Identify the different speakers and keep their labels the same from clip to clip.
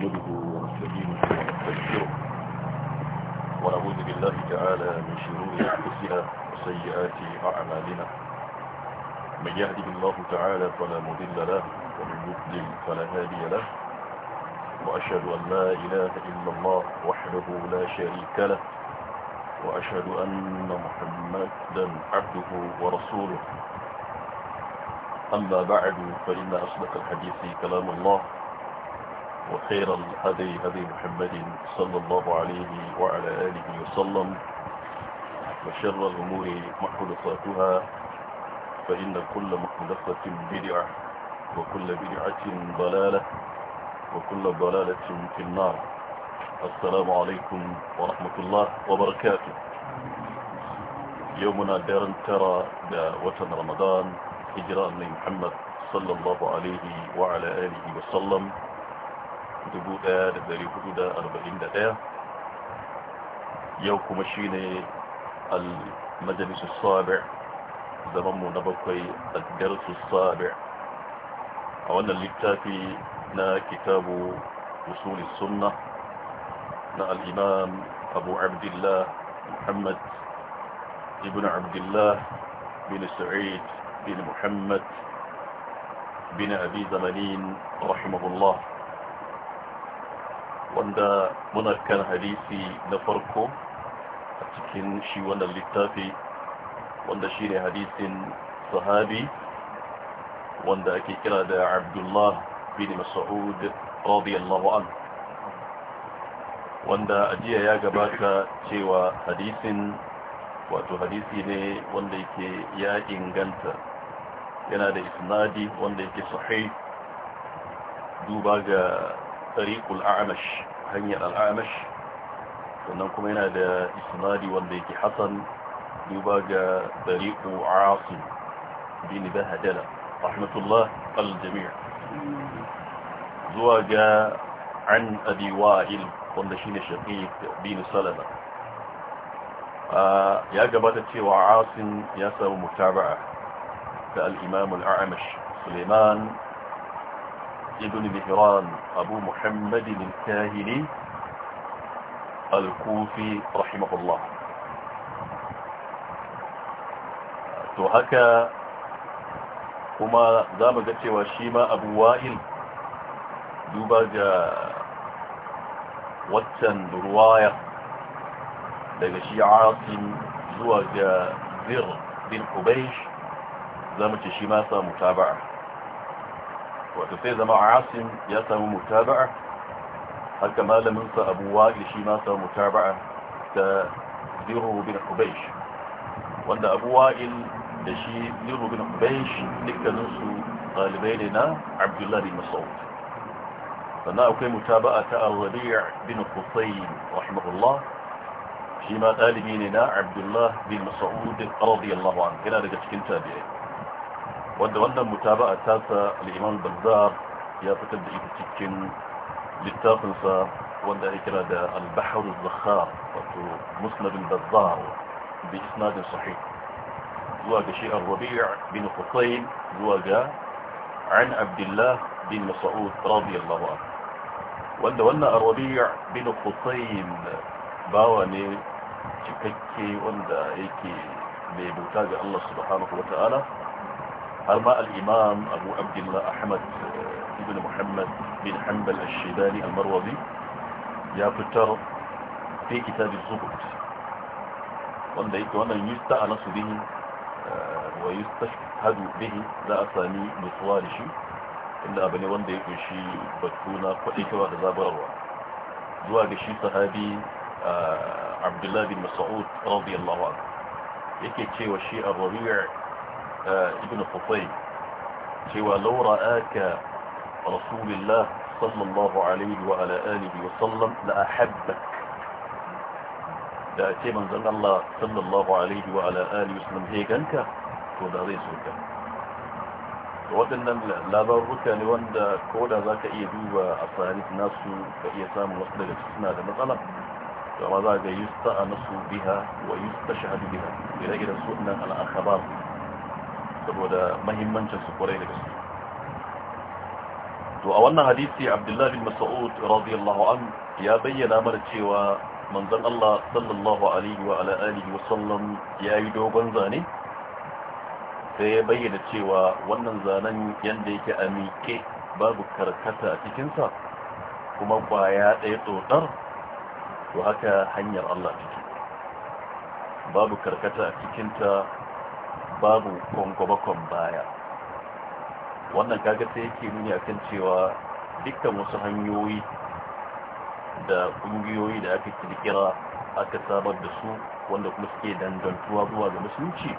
Speaker 1: نحمده ونستعينه ونستغفره ونعوذ بالله تعالى من شرور انفسنا وسيئات اعمالنا من يهده الله تعالى فلا مضل له ومن يضلل فلا هادي له واشهد ان لا اله الا الله وحده لا شريك له واشهد ان محمدا عبده ورسوله اما بعد فان اصدق الحديث كلام الله وخير الهدي هدي محمد صلى الله عليه وعلى آله وسلم وشر الأمور محدثاتها فإن كل محدثة بدعة وكل بدعة ضلالة وكل ضلالة في النار السلام عليكم ورحمة الله وبركاته يومنا دار ترى دا وطن رمضان هجران محمد صلى الله عليه وعلى آله وسلم 1441 yau kuma shine al-majalisu sabi' zamanmu na bakwai al-darsu sabi' a wannan littafi na kitabu usuli sunna na al-imam abu abdullah muhammad ibn abdullah bin sa'id bin muhammad bin abi zamanin rahimahullah wanda muna kan hadisi na farko a cikin shi wannan littafi wanda shi ne hadisin sahabi wanda ake kira da abdullah bin mas'ud radiyallahu an wanda ajiya ya gabata cewa hadisin wato hadisi ne wanda yake ya inganta yana da isnadi wanda yake sahih duba ga tariqul a'mash hanyar al'amash sannan kuma yana da isnadi wanda yake hasan duba ga tariqu asim bin bahadala rahmatullah al zuwa ga an abi wa'il wanda shine shaqiq bin salama ya gabata cewa asim ya samu mutaba'a da al-imam al-a'mash suleiman مسجد ذهران أبو محمد الكاهلي الكوفي رحمه الله تهكى هما دام جاتي واشيما أبو وائل دوبا جا واتن دروايا لغا شيعة زوا ذر بن حبيش دام جاتي شيما متابعه وتتيزة مع عاصم ياسم متابعة هل كما لم ينسى أبو واقل شيء ناسا متابعة كديره بن قبيش وأن أبو واقل لشيء ديره بن قبيش لك ننسى طالبيننا عبد الله بن مصوت فأنا أكي متابعة الربيع بن قصين رحمه الله شيء ما طالبيننا عبد الله بن مصوت رضي الله عنه كنا لك تكن تابعين wanda wannan mutaba'a tasa al-Imam Bazzar ya fitar da ita cikin littafinsa wanda ya kira da al-Bahr al-Zakhar wato Musnad al-Bazzar bi isnad sahih zuwa ga shi al-Rabi' bin Qutayn zuwa ga an Abdullah bin Mas'ud radiyallahu anhu wanda wannan al-Rabi' bin Qutayn bawa ne cikakke wanda yake mai bauta ga Allah subhanahu wa ta'ala أرباء الإمام أبو عبد الله أحمد بن محمد بن حنبل الشبالي المروضي يفتر في كتاب الزبط وأن يستأنس به آه، ويستشهد به لا أساني مصوالش إلا أبني وأن يكون شيء بكونا فإيك وغزاب روا دواء بشي صحابي آه، عبد الله بن مسعود رضي الله عنه يكي تشي وشي الربيع آه، ابن خطيب سوى لو رآك رسول الله صلى الله عليه وعلى آله وسلم لأحبك لأتي من ذن الله صلى الله عليه وعلى آله وسلم هيك أنك كودا ريسوك ودنا لابر كان واند كودا ذاك إيدو أصاريك ناسو فإيسام وصل لكسنا لمثلا فماذا يستعى بها ويستشهد بها إلى إلى سؤنا على saboda mahimmancin su kwarai da gaske to a wannan hadisi abdullahi bin mas'ud radiyallahu an ya bayyana mana cewa manzon Allah sallallahu alaihi wa ala alihi wa sallam yayi dogon zane sai ya bayyana cewa wannan zanen yanda yake a mike babu karkata a cikinsa kuma kwaya ɗaya tsotsar to haka hanyar Allah take babu karkata a cikinta babu kwangwabakon baya wannan kaga sai yake nuni akan cewa dukkan wasu hanyoyi da ƙungiyoyi da aka kirkira aka samar da su wanda kuma suke dangantuwa zuwa ga musulunci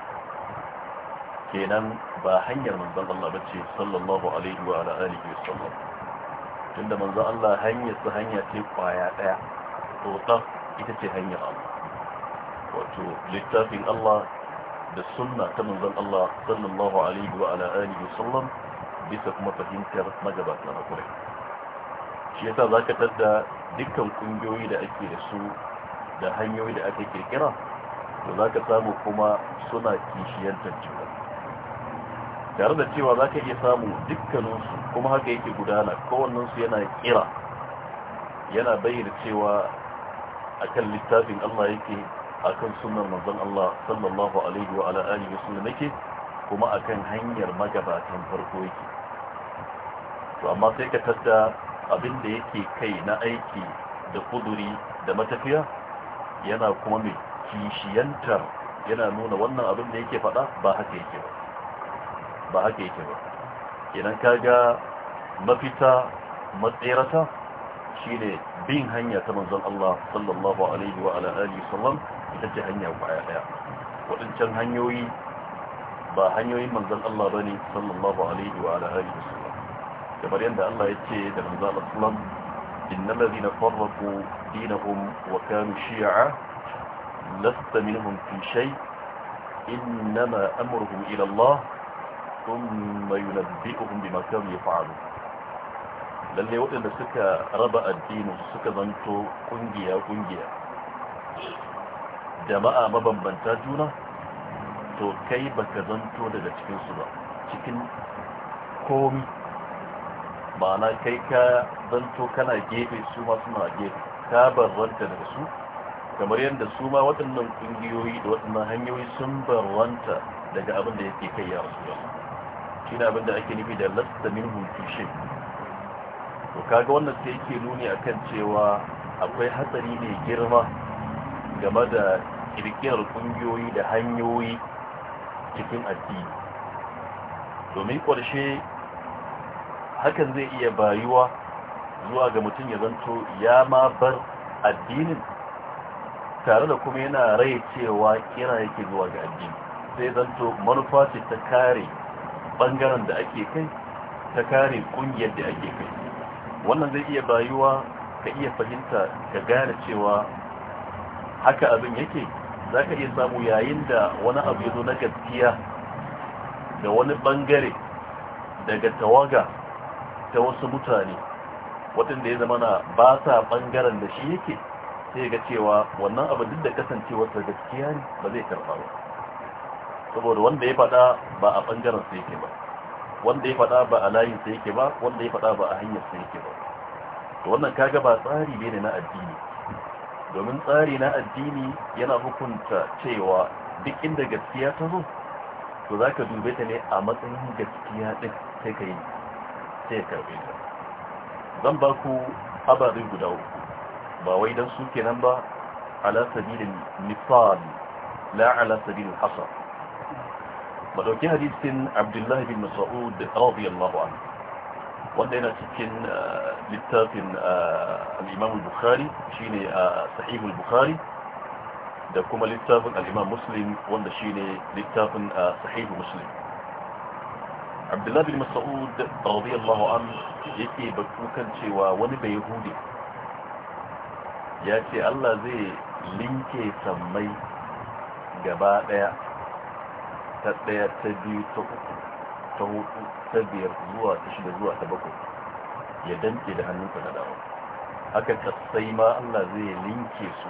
Speaker 1: kenan ba hanyar manzan Allah ce, sallallahu alaihi wa alihi tunda manzan Allah hanyar su hanya ce kwaya daya to ita ce hanyar Allah wato littafin Allah da sunna ta manzon Allah sallallahu alaihi wa ala alihi sallam bisa kuma fahimtar magabata na kure shi yasa zaka tadda dukkan kungiyoyi da ake da su da hanyoyi da ake kirkira to zaka samu kuma suna kishiyar juna tare da cewa zaka iya samu dukkaninsu kuma haka yake gudana kowannensu yana kira yana bayyana cewa akan littafin Allah yake akan sunnar manzon Allah sallallahu alaihi wa ala alihi wasallam yake kuma akan hanyar magabatan farko yake to amma sai ka tadda abin da yake kai na aiki da kuduri da matafiya yana kuma mai kishiyantar yana nuna wannan abin da yake faɗa ba haka yake ba ba haka yake ba idan ka ga mafita matsirata shine bin hanya ta manzon Allah sallallahu alaihi wa ala alihi sallam ita ce hanya kwaya daya waɗancan hanyoyi ba hanyoyin manzan Allah ba ne sallallahu alaihi wa alaihi wasallam kamar yadda Allah ya ce da manzan Allah sallam innal ladina farraqu dinahum wa kanu shi'a lasta minhum fi shay innama amruhum ila Allah thumma yunabbi'uhum bima kanu yaf'alun lalle waɗanda suka raba addinin suka zanto kungiya kungiya jama'a mabambanta juna to kai baka zanto daga cikinsu ba cikin komi ma'ana kai ka zanto kana gefe su ma suna gefe ka barwanta daga su kamar yadda su ma waɗannan ƙungiyoyi da waɗannan hanyoyi sun barwanta daga abin da yake kai ya rasu shi na abin da ake nufi da lasta min hutushe to kaga wannan sai yake nuni akan cewa akwai hatsari mai girma game da Ƙirƙirar kungiyoyi da hanyoyi cikin addini domin ƙarshe hakan zai iya bayuwa zuwa ga mutum ya zanto ya ma bar addinin tare da kuma yana rai cewa kira yake zuwa ga addini sai zanto manufa ce ta kare bangaren da ake kai ta kare ƙungiyar da ake kai wannan zai iya bayuwa ka iya fahimta ka gane cewa haka abin yake za ka iya samu yayin da wani abu ya zo na gaskiya da wani bangare daga tawaga ta wasu mutane waɗanda ya zama na ba sa bangaren da shi yake sai ga cewa wannan abu duk da kasancewarsa gaskiya ne ba zai karɓa ba saboda wanda ya faɗa ba a bangaren sa yake ba wanda ya faɗa ba a layin sa yake ba wanda ya faɗa ba a hanyar sa yake ba to wannan kaga ba tsari ne na addini domin tsari na addini yana hukunta cewa duk inda gaskiya ta zo to za ka dube ta ne a matsayin gaskiya ɗin sai ka yi sai ka ta zan ba ku ababe guda uku ba wai don su kenan ba ala sabilin misali la ala sabilin hasa ba ɗauki hadisin abdullahi bin mas'ud radiyallahu anhu wanda yana cikin uh, littafin uh, al'imam bukhari shine a uh, sahihul bukhari da kuma littafin al'imam muslim wanda shine littafin sahihul muslim abdullahi bin mas'ud radiyallahu an yake batu kan cewa wani bai hudu. ya ce allah zai linke sammai gaba daya ta daya ta biyu ta uku ta hudu ta biyar zuwa ta shida zuwa ta bakwai ya danke da hannunsa na dama haka ta sai ma Allah zai linke su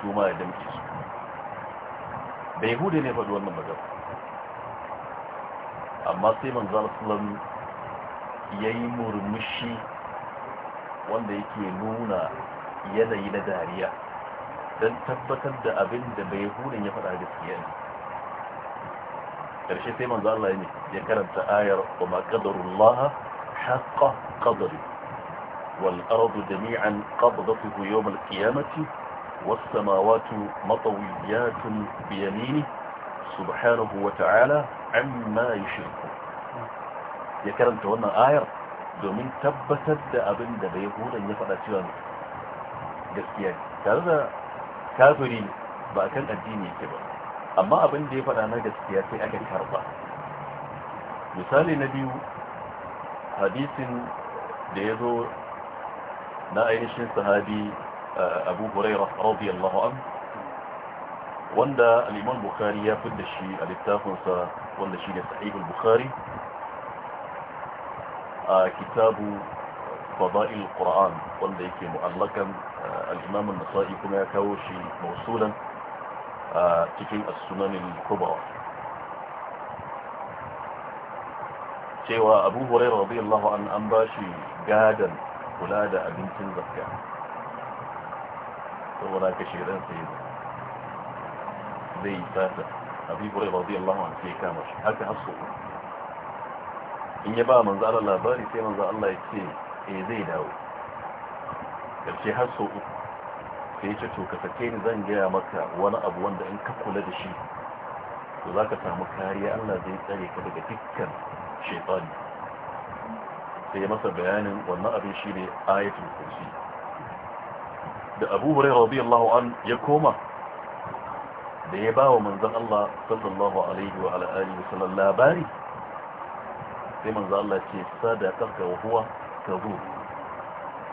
Speaker 1: su ma ya danke su da hudu ne faɗi wannan magana amma sai manzan sulam ya yi murmushi wanda yake nuna yanayi na dariya don tabbatar da abin da bai hudun ya faɗa gaskiya ne karshe sai manzo Allah ne ya karanta ayar wa ma qadarullah haqqa qadri wal ardu jami'an qabdatuhu yawm al qiyamati was samawati matawiyatun bi yamini subhanahu wa ta'ala amma yushrikun ya karanta wannan ayar domin tabbatar da abin da bai hudan ya faɗa cewa gaskiya tare da kafiri ba kan addini yake ba amma abin da ya fada na gaskiya sai aka karba misali na biyu hadisin da ya zo na ainihin sahabi abu huraira radiyallahu an wanda al'iman bukari ya fi da shi a littafinsa wanda shi ne sahihul bukari a kitabu fada'il فضائل القرآن والذي يكي nasa'i kuma ya kawo shi موصولا a cikin as-sunanin kubra cewa abu hurairah radiyallahu anhu an bashi gadan kula da abincin zakka saboda ka shirin sai zai fata abu hurairah radiyallahu anhu sai kama shi haka hasu in ya ba manzo Allah labari sai manzo Allah ya ce E, zai dawo karshe hasu uku sai ya ce to ka sake ni zan gaya maka wani abu wanda in ka kula da shi to za ka samu kariya Allah zai tsare ka daga dukkan shaitani sai ya masa bayanin wannan abin shi ne ayatul kursi da abu hurairah radiyallahu an ya koma da ya ba wa manzan Allah sallallahu alaihi wa alihi labari sai manzon Allah ce ka wa ka kadhub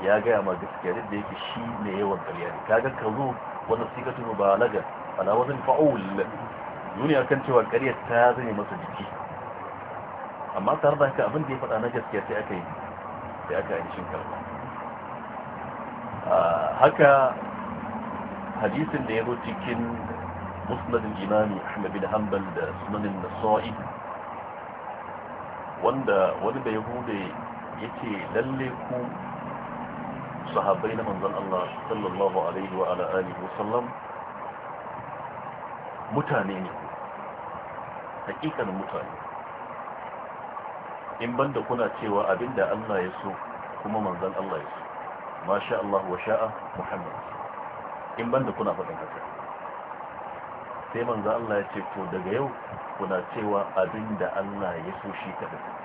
Speaker 1: ya gaya ma gaskiya da yake shi ne yawan ƙarya ne kaga ka zo wannan sigatu mubalaga ala wazin fa'ul duniya kan cewa ƙaryar ta zane masa jiki amma tare da haka abin da ya faɗa na gaskiya sai aka yi sai aka yi shin karɓa ah, haka hadisin da ya zo cikin musnadin imami ahmad bin hanbal da sunanin nasa'i wanda wani da yahude ya ce lalle ku sahabbai na manzon Allah sallallahu alaihi wa ala mutane ne hakikanin mutane in banda kuna cewa abinda Allah ya so kuma manzon Allah ya so masha Allah wa sha'a Muhammad in banda kuna faɗin haka sai manzon Allah ya ce to daga yau kuna cewa abinda Allah ya so shi kadai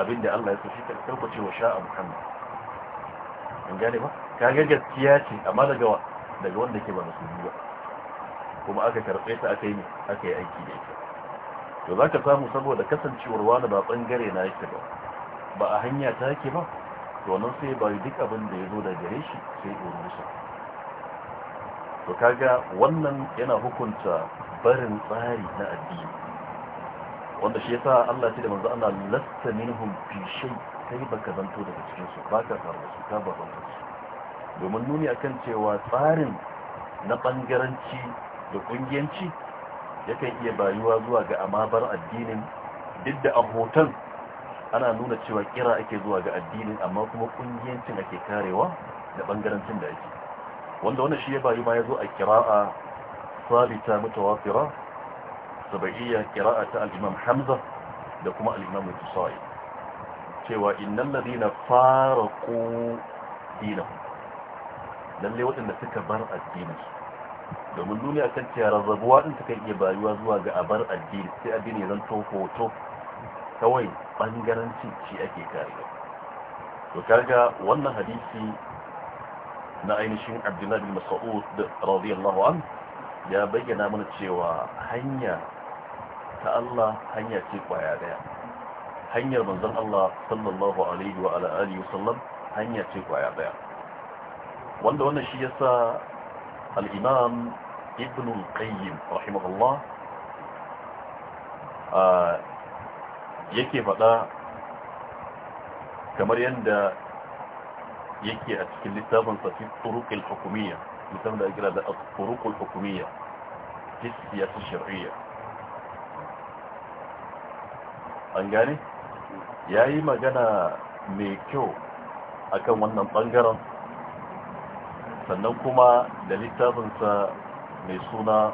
Speaker 1: abinda Allah ya so shi kan ce wa Muhammad an gane ba ga gaskiya ce amma daga daga wanda ke ba musulmi ba kuma aka karfe ta aka yi aka yi aiki da ita to za samu saboda kasancewar wani ba bangare na yake ba ba a hanya ta yake ba to nan sai ba duk abin da ya zo da gare shi sai urusa musu to kaga wannan yana hukunta barin tsari na addini wanda shi yasa Allah ya da manzo Allah lasta minhum fi shay kai baka zanto daga cikin su ka samu su ka ba zanto su domin nuni akan cewa tsarin na bangaranci da kungiyanci yakan iya bayuwa zuwa ga amabar addinin duk da a hoton ana nuna cewa kira ake zuwa ga addinin amma kuma kungiyancin ake karewa da bangarancin da ake wanda wannan shi ya bayu ma ya zo a kira'a sabita mutawafira sabaiya kira'a ta al-imam hamza da kuma al-imam tusai cewa innal ladina faraqu dinahum lalle waɗanda suka bar addininsu domin duniya kan ce razabuwa din suka iya bayuwa zuwa ga abar addini sai addini zan to hoto kawai bangaranci ci ake kare to kaga wannan hadisi na ainihin abdullahi bin mas'ud radiyallahu an ya bayyana mana cewa hanya ta Allah hanya ce kwaya daya hanyar manzon Allah sallallahu alaihi wa ala alihi wasallam hanya ce kwaya daya wanda wannan shi yasa al-imam ibn al-qayyim rahimahullah yake faɗa kamar yadda yake a cikin littafin safi turuqil hukumiyya littafin da ake kira da turuqul hukumiyya fi siyasar shar'iyya an gane ya yi magana mai kyau akan wannan bangaren sannan kuma da littafinsa mai suna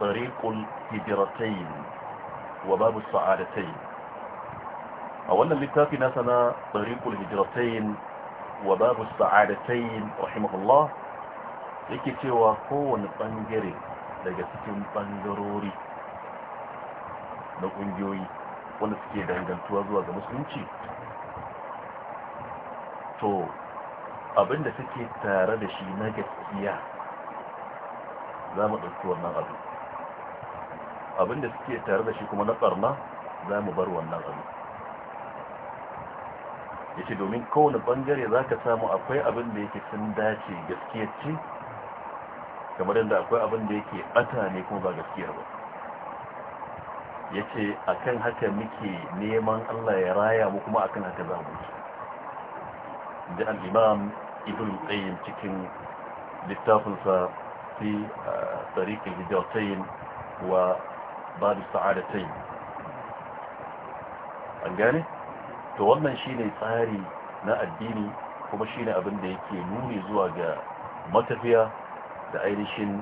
Speaker 1: tsariƙul hijiratai wa babu sa'adatai a wannan littafi na sana tsariƙul hijiratai wa babu sa'adatai rahimahullah yake cewa kowane ɓangare daga cikin ɓangarori na ƙungiyoyi wanda suke dangantuwa zuwa ga musulunci to abinda suke tare da shi na gaskiya za mu ɗauki wannan abu abinda suke tare da shi kuma na ɓarna za mu bar wannan abu ya ce domin kowane ɓangare za ka samu akwai abin da yake sun dace gaskiyar ce kamar yadda akwai abin da yake ɓata ne kuma ba gaskiyar ba ya ce a kan haka muke neman Allah ya raya mu kuma akan kan haka za mu da al'imam ibn tsayin cikin littafinsa fi tsarikin hijautayin wa da sa'adatai an gane? to wannan shi ne tsari na addini kuma shi ne abin da yake nuni zuwa ga matafiya da ainihin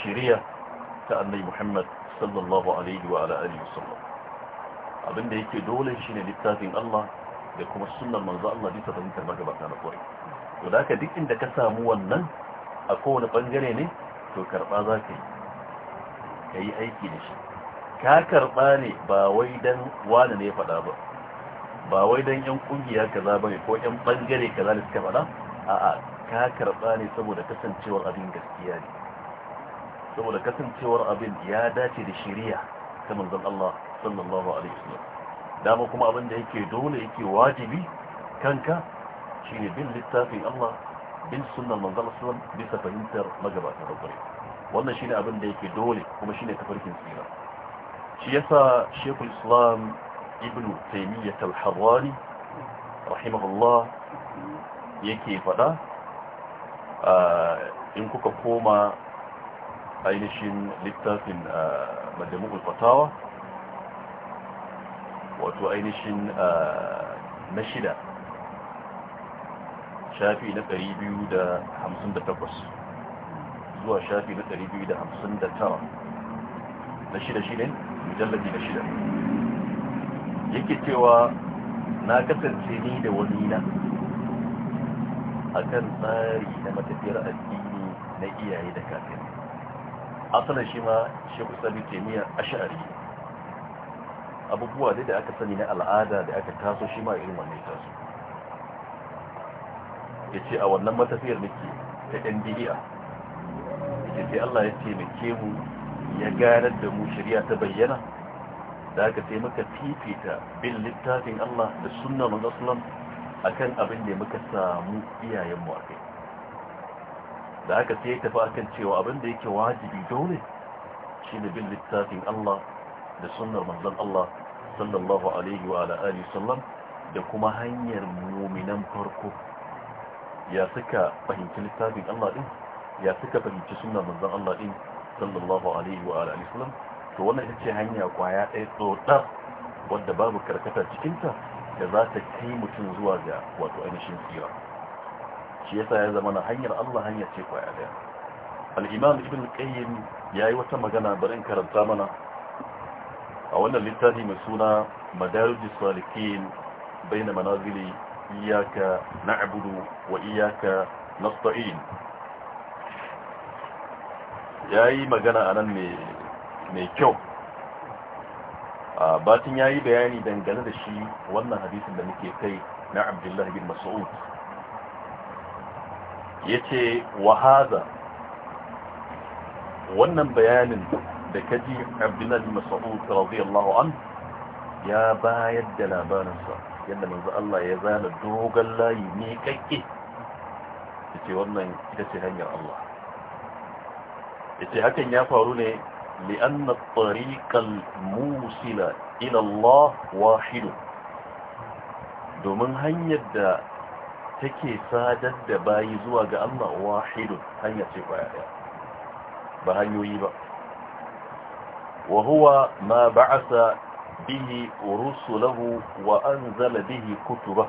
Speaker 1: shiriya ta annai muhammad sallallahu alaihi wa ala alihi wasallam abinda yake dole shine littafin Allah da kuma sunnar manzo Allah bisa fahimtar magabata na kore to da duk inda ka samu wannan a kowane bangare ne to karba za ka yi ka yi aiki da shi ka karba ne ba wai dan wani ne faɗa ba ba wai dan yan kungiya kaza bane ko yan bangare kaza ne suka faɗa a'a ka karba ne saboda kasancewar abin gaskiya ne saboda kasancewar abin ya dace da shari'a ta manzon Allah sallallahu alaihi wasallam dama kuma abin da yake dole yake wajibi kanka shine bin littafin Allah bin sunnan manzon sallallahu alaihi bisa fahimtar magabata da kwarai wannan shine abin da yake dole kuma shine tafarkin tsira shi yasa Sheikhul Islam Ibn Taymiyyah al-Harrani rahimahullah yake fada ah, in kuka koma ainihin littafin ah, majami'ul fatawa wato ainihin ah, na shida shafi na 258 zuwa shafi na 259 na shida shi ne mujallabi na shida yake cewa na kasance ni da wani na a kan tsari na matafiyar addini na iyaye da kafin asalin shi ma shekul sabi temiya a sha'ari abubuwa da aka sani na al'ada da aka taso shi ma irin wannan taso ya ce a wannan matafiyar nake ta yan biya ya ce Allah ya taimake mu ya ganar da mu shirya ta bayyana da aka sai muka fifita bin littafin Allah da sunan sunna sulam a kan abin da muka samu iyayenmu a kai da haka sai ya tafi akan cewa abinda yake wajibi dole shi da bin littafin Allah da sunnar manzon Allah sallallahu alaihi wa alihi sallam da kuma hanyar muminan farko ya suka fahimci littafin Allah din ya suka fahimci sunnar manzon Allah din sallallahu alaihi wa alihi sallam to wannan ita ce hanya kwaya ɗaya tsotsar wadda babu karkata cikinta da za ta kai mutum zuwa ga wato ainihin tsira shi yasa ya zama na hanyar Allah hanyar ce kwaya daya al-imam ibn qayyim yayi wata magana barin karanta mana a wannan littafi mai suna madarijus salikin baina manazili na na'budu wa iyyaka nasta'in yayi magana anan nan mai kyau a batin yayi bayani dangane da shi wannan hadisin da muke kai na abdullahi bin Mas'ud yace wa wannan bayanin da kaji Abdullah bin Mas'ud radiyallahu an ya bayar da labarinsa yadda manzo Allah ya zana dogon layi ne kakke yace wannan ita ce hanyar Allah yace hakan ya faru ne لأن الطريق الموصل إلى الله واحد domin hanyar da take sadar da bayi zuwa ga Allah wahidun hanya ce kwaya daya ba hanyoyi ba wa huwa ma ba'asa bihi rusulahu wa anzala bihi kutuba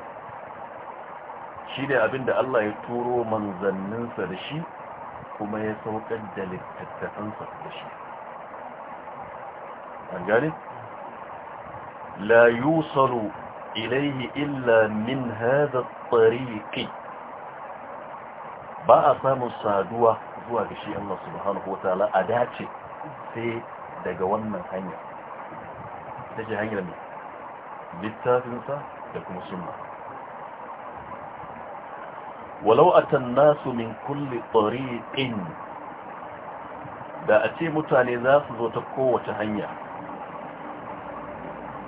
Speaker 1: shine abinda Allah ya turo sa da shi kuma ya saukar da littattafansa da shi an gane la yusalu ilaihi illa min hadha at-tariq ba a samun saduwa zuwa ga shi Allah subhanahu wataala a dace sai daga wannan hanya take hanyar ne littafinsa da kuma sunna walau atan nasu min kulli tariqin da a ce mutane za su zo ta kowace hanya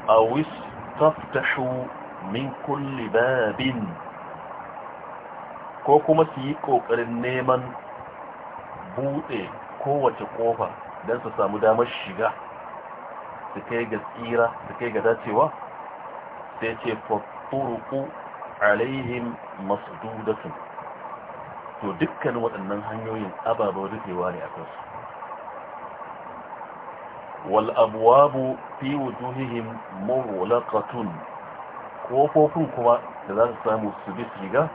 Speaker 1: a wisu faftahu min kulli babin ko kuma su yi ƙoƙarin neman buɗe kowace ƙofa don su samu damar shiga su kai ga tsira su kai ga dacewa sai ce
Speaker 2: fatturuku
Speaker 1: alaihim masdudatun to dukkan waɗannan hanyoyin ababen rufewa ne a kansu والأبواب في وجوههم مغلقة kofofin kuma da za su samu su bi shiga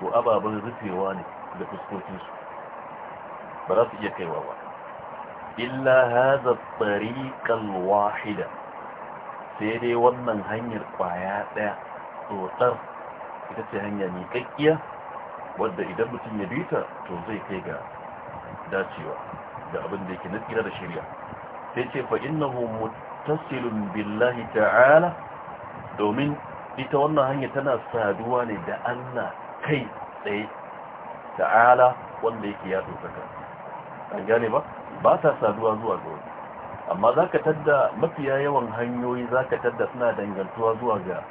Speaker 1: to ababen rufewa ne da fuskokinsu ba za su iya kaiwa ba illa haza tsariƙan wahida sai dai wannan hanyar ƙwaya ɗaya tsotsar ita ce hanya miƙaƙƙiya wadda idan mutum ya bita to zai kai ga dacewa da abin da yake na tsira da shirya sai ce fa innahu muttasilun billahi ta'ala domin ita wannan hanya tana saduwa ne da Allah kai tsaye ta'ala wanda yake ya dokaka an gane ba ba ta saduwa zuwa ga wani amma zaka tadda mafiya yawan hanyoyi zaka tadda suna dangantuwa zuwa ga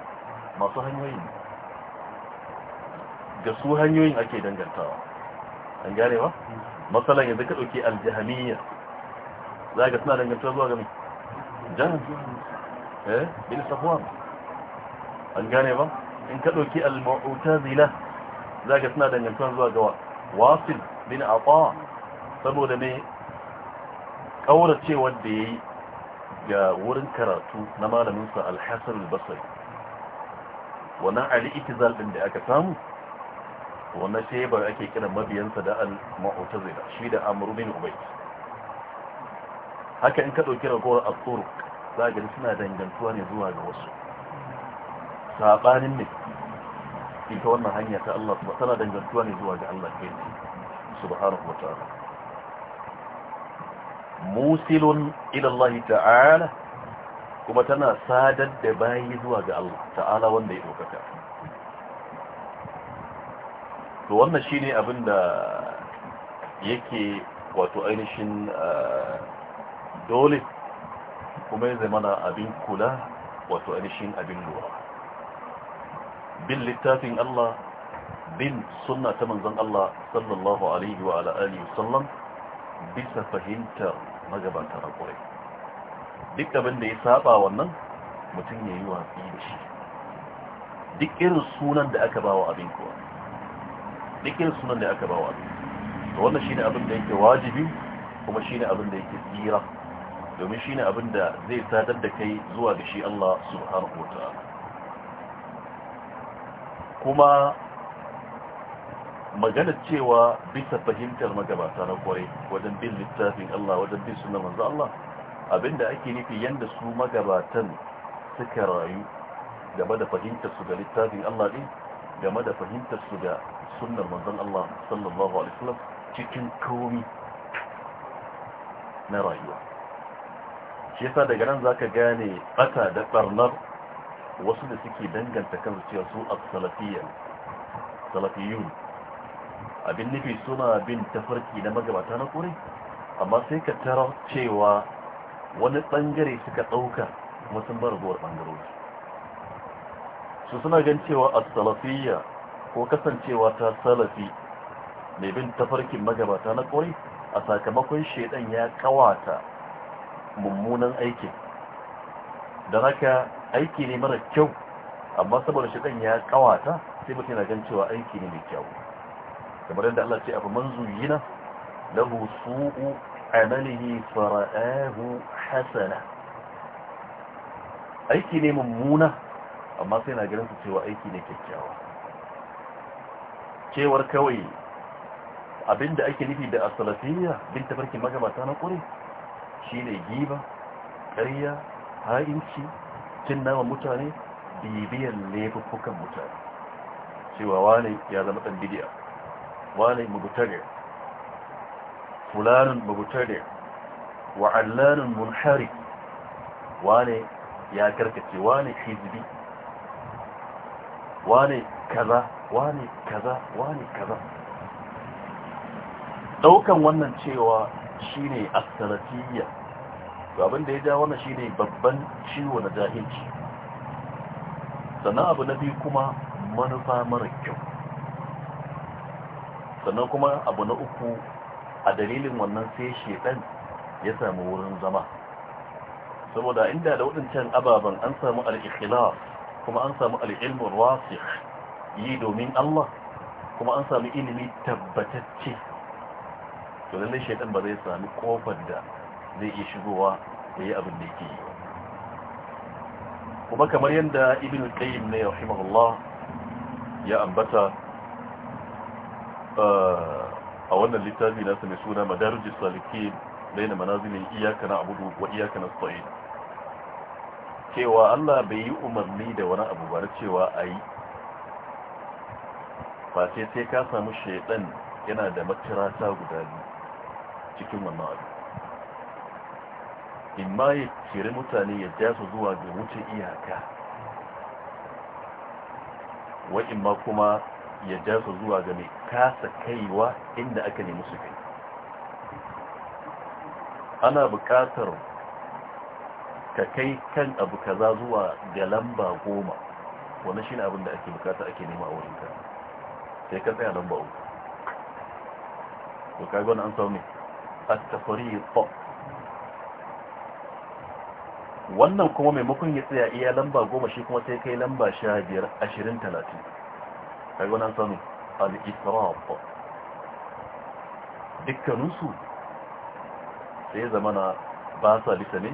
Speaker 1: masu hanyoyin ga su hanyoyin ake dangantawa an gane ba matsalan yanzu ka ɗauki aljihamiyyar za ga suna dangantar zuwa gami. Jan, eh bin safuwa an gane ba in ka ɗauki al-ma'uta zila za ga suna dangantar zuwa ga wasil bin aqa saboda ne ƙauracewar da ya yi ga wurin karatu na malaminsa al-hasar al wannan al-itizal ɗin da aka samu wannan shebar ake kira mabiyansa da al-ma'uta shi da amru bin ubayt haka in ka ɗauki ragowar asuru za gani suna dangantuwa ne zuwa ga wasu saɓanin ne ita wannan hanya ta Allah ba tana dangantuwa ne zuwa ga Allah ke subhanahu wataala musilun idan Allah ta'ala kuma tana sadar da bayi zuwa ga Allah ta'ala wanda ya ɗaukaka. to wannan ne abin da yake wato ainihin ah, dole kuma ya mana abin kula wato ainihin abin lura bin littafin Allah bin sunna ta manzon Allah sallallahu alaihi wa ala alihi sallam bisa fahimtar magabatar akwai duk abin da ya saba wannan mutum ya yi watsi da shi duk irin sunan da aka bawa abin kuwa duk irin sunan da aka bawa abin to wannan ne abin da yake wajibi kuma shi ne abin da yake tsira domin shine abin da zai sadar da kai zuwa ga shi Allah subhanahu wataala kuma magana cewa bisa fahimtar magabata na kwarai wajen bin littafin Allah wajen bin sunan manzo Allah abinda ake nufi yanda su magabatan suka rayu game da fahimtar su ga littafin Allah din game da fahimtar su ga sunan manzo Allah sallallahu alaihi wasallam cikin komi na rayuwa shi yasa daga nan zaka gane bata da ɓarnar wasu da suke danganta kansu cewa su a salafiyya abin nufi suna bin tafarki na magabata na kure amma sai ka tara cewa wani bangare suka ɗauka kuma sun bar su suna gan cewa a salafiyya ko kasancewa ta salafi mai bin tafarkin magabata na kure a sakamakon shaidan ya kawata mummunan aikin don haka aiki ne mara kyau amma saboda shi ya kawata sai mutum yana gan cewa aiki ne mai kyau kamar yadda Allah ce abu manzu yina lahu su'u amalihi fara'ahu hasana aiki ne mummuna amma sai na ganin su cewa aiki ne kyakkyawa cewar kawai abinda ake nufi da asalafiyya bin tafarkin magabata na ƙure shi ne giba ƙarya ha'inci cin nama mutane bibiyar laifuffukan mutane cewa wane ya zama ɗan bidiya wane mabutare fulanin mabutare wa'allanin munhari wane ya karkace wane hizbi wane kaza wane kaza wane kaza ɗaukan wannan cewa shine ne salafiyya to abin da ya ja wannan shine babban ciwo na jahilci sannan abu na biyu kuma manufa mara kyau sannan kuma abu na uku a dalilin wannan sai ɗan ya samu wurin zama saboda inda da waɗancan ababen an samu al kuma an samu al'ilmin ilmu yi domin Allah kuma an samu ilimi tabbatacce to lallai shaidan ba zai sami kofar da zai iya shigowa da yi abin da yake yi kuma kamar yadda ibn qayyim ne ya rahimahullah ya ambata eh, a wannan littafi nasa mai suna madarujus salikin daina manazilin iyaka na abudu wa iyaka na sa'id cewa Allah bai yi umarni da wani abu ba cewa a yi Ba sai sai ka samu shaidan yana da matirata guda biyu cikin wannan abu in ma ya cire mutane ya ja su zuwa ga wuce iyaka wa in ma kuma ya ja zuwa ga mai kasa kaiwa inda aka nemi su kai ana bukatar ka kai kan abu kaza zuwa ga lamba goma Wani shi ne abin da ake bukata ake nema a wurinka sai ka tsaya lamba uku to kagon an samu ne at wannan kuma maimakon ya tsaya iya lamba goma shi kuma sai kai lamba sha biyar ashirin talatin kai wannan sanu al-israf dukkaninsu sai zamana ba sa bisa ne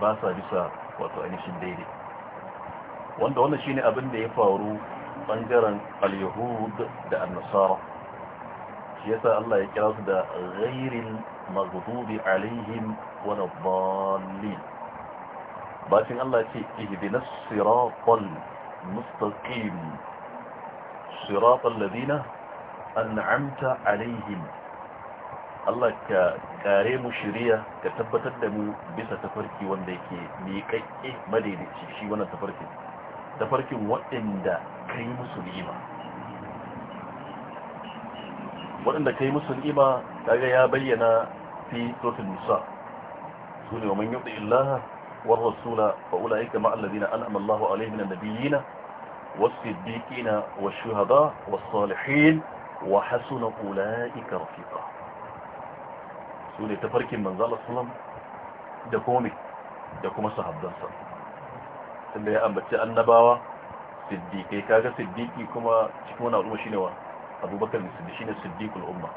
Speaker 1: ba sa bisa wato ainihin daidai wanda wannan shi ne abin da ya faru bangaren al-yahud da an shi shi yasa Allah ya kira su da ghairin. maghdubi alaihim wa dallin bacin Allah ce ihdinas siratal mustaqim siratal ladina an'amta alaihim Allah ka kare mu shiriya ka tabbatar da mu bisa tafarki wanda yake miƙaƙƙe madaidaici shi wannan tafarkin tafarkin waɗanda kai musu ni'ima waɗanda kai musu ni'ima kaga ya bayyana fi suratul nisa sune wa man yuti illaha war rasula fa ulaika ma alladhina an'ama Allahu alaihim na nabiyina wa siddiqin wa shuhada wa salihin wa hasuna ulaika rafiqa sune tafarkin manzo Allah sallallahu da kuma da kuma sahabbansa tunda ya ambaci annabawa siddiqai kaga siddiqi kuma cikin wannan al'umma shine wa abubakar siddiq shine siddiqul umma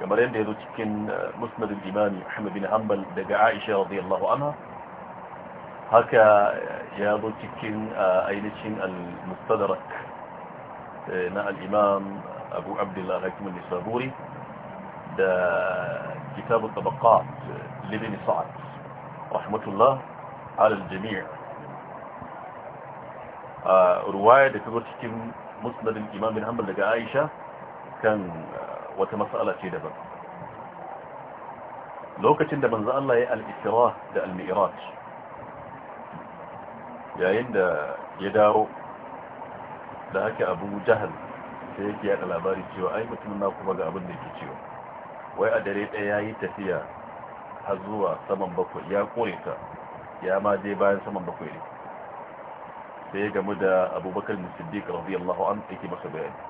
Speaker 1: كما ينتهي ذو تكين آه، مسند الإمام محمد بن عمبل دقى عائشة رضي الله عنها هكا آه، ياذو تكين آه، أينتين المستدرك ناء الإمام أبو عبد الله غيكم النسابوري دا كتاب الطبقات لبن صعد رحمة الله على الجميع رواية تكين مسند الإيمان بن عمبل دقى عائشة كان wata matsala ce daban lokacin da manzo Allah ya al-isra da al-mi'raj yayin da ya dawo da haka Abu Jahal sai yake yada labari cewa ai mutum na kuma ga abin da yake cewa wai a dare ɗaya yayi tafiya har zuwa saman bakwai ya kore ya ma je bayan saman bakwai ne sai ya gamu da Abubakar Siddiq radiyallahu anhu yake masa bayani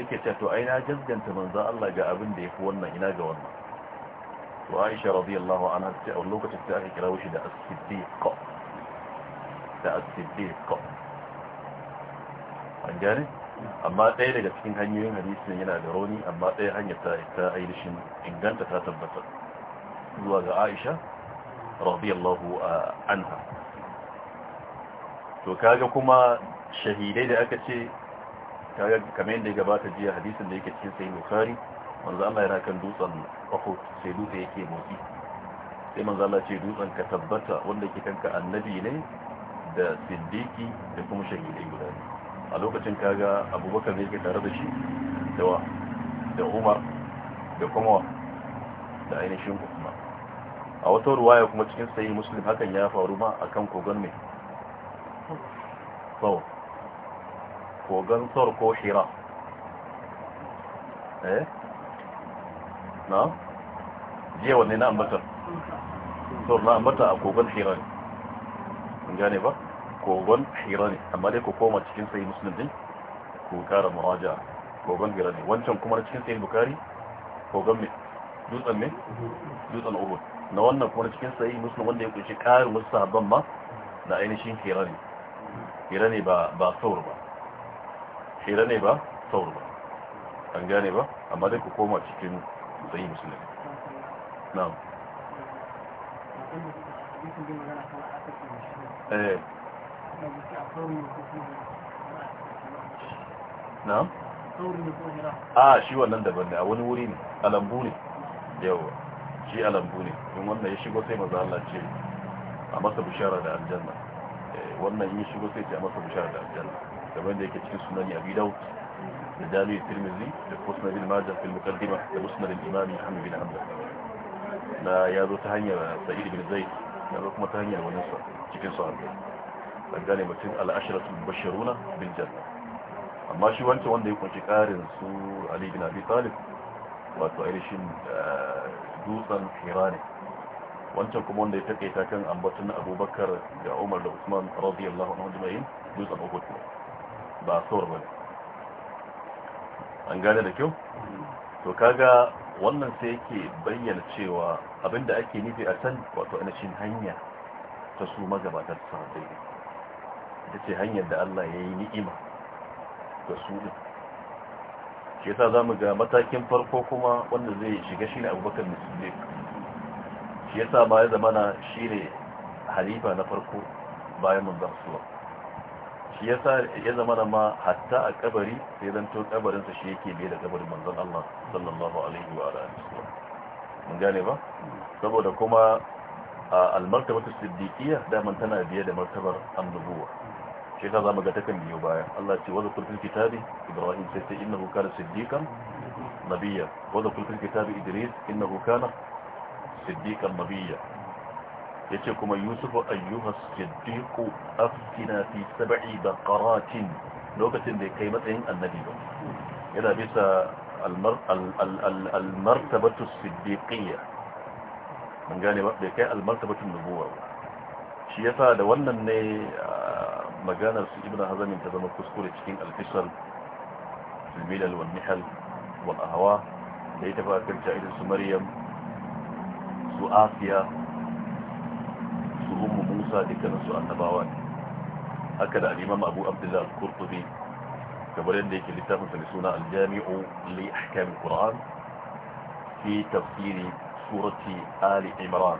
Speaker 1: yake ce to aina jazganta manzo Allah ga abin da ya fi wannan ina ga wannan to aisha radiyallahu anha ta a lokacin da aka kira shi da as-siddiq da as-siddiq an gane amma ɗaya daga cikin hanyoyin ne yana da rauni amma ɗaya hanyar ta ta ainihin inganta ta tabbata zuwa ga aisha radiyallahu anha to kaga kuma shahidai da aka ce kaga kamar yadda ya gabata jiya hadisin da yake cikin sai bukari manzo Allah yana kan dutsen Uhud sai dutse yake motsi sai man Allah ce dutsen ka tabbata wanda ke kanka annabi ne da siddiki da kuma shahidai guda a lokacin kaga Abubakar ne ke tare da shi da da Umar da kuma da ainihin kuma a wata ruwaya kuma cikin sai Muslim hakan ya faru ma akan kogon mai Bawa. ko gansar ko hira eh na jiya wanne na ambata sur na ambata a kogon hira ne in gane ba kogon hira ne amma dai ku koma cikin sai musulun din ku kara muraja kogon hira ne wancan kuma cikin sai bukari kogon mai dutsen mai dutsen uhud na wannan kuma cikin sai musulun wanda ya kunshi karin wasu ma na ainihin hira ne hira ne ba saur ba hira ne ba saur ba an gane ba amma dai ku koma cikin zai musulun na eh. na a shi wannan daban ne a wani wuri ne alambu ne yawa shi alambu ne in wannan ya shigo sai maza Allah ce a masa bishara da aljanna eh, wannan yi shigo sai ce a masa bishara da aljanna كمان ده كتير سنن ابي داود لداني الترمذي لحسن ابن ماجه في المقدمة لحسن الامام محمد بن عبد لا يا ذو تهنيا سيد بن زيد يا ذو تهنيا ونصر تكن صاحب لقد قال الأشرة المبشرون بالجنة أما شو وانت وانت يكون شكار سور علي بن أبي طالب واتو أيرشين دوسا حيراني وانت كم وانت يتقي تاكن أبو بكر يا عمر لعثمان رضي الله عنه جمعين دوسا أبو بكر ba sauwar ba an gane da kyau to kaga wannan sai yake bayyana cewa abinda ake nufi a can wato anashin hanya ta su magabatar sahabbai ita ce hanyar da Allah ya yi ni'ima ga su din shi yasa za mu ga matakin farko kuma wanda zai shiga shi ne abubakar musulmi shi yasa ba ya zamana shi ne halifa na farko bayan mun zamsuwa shi yasa ya zama da ma hatta a kabari sai zan to kabarinsa shi yake bai da kabarin manzon Allah sallallahu alaihi wa alihi mun gane ba saboda kuma a al-martabatu siddiqiyya da man tana biye da martabar annubuwa shi yasa zamu ga takan biyo baya Allah ce wazu kullu kitabi Ibrahim sai sai innahu kana siddiqan nabiyya wazu kullu kitabi Idris innahu kana siddiqan nabiyya ya ce kuma yusufu ayyuha siddiqu afgina fi saba'i sab'i baqaratin lokacin da kai matsayin annabi ba yana bisa al-martabatu siddiqiyya mun gane ba bai kai al nubuwa ba shi yasa da wannan ne maganar su ibnu hazamin ta zama kuskure cikin al-fisal al-milal wal nihal wal ahwa da ita ba kan su maryam su afiya كان صادقا سؤال نباوان أكد الإمام أبو عبد الله القرطبي كبرين ديك اللي تاخد فلسونا الجامع لأحكام القرآن في تفسير سورة آل عمران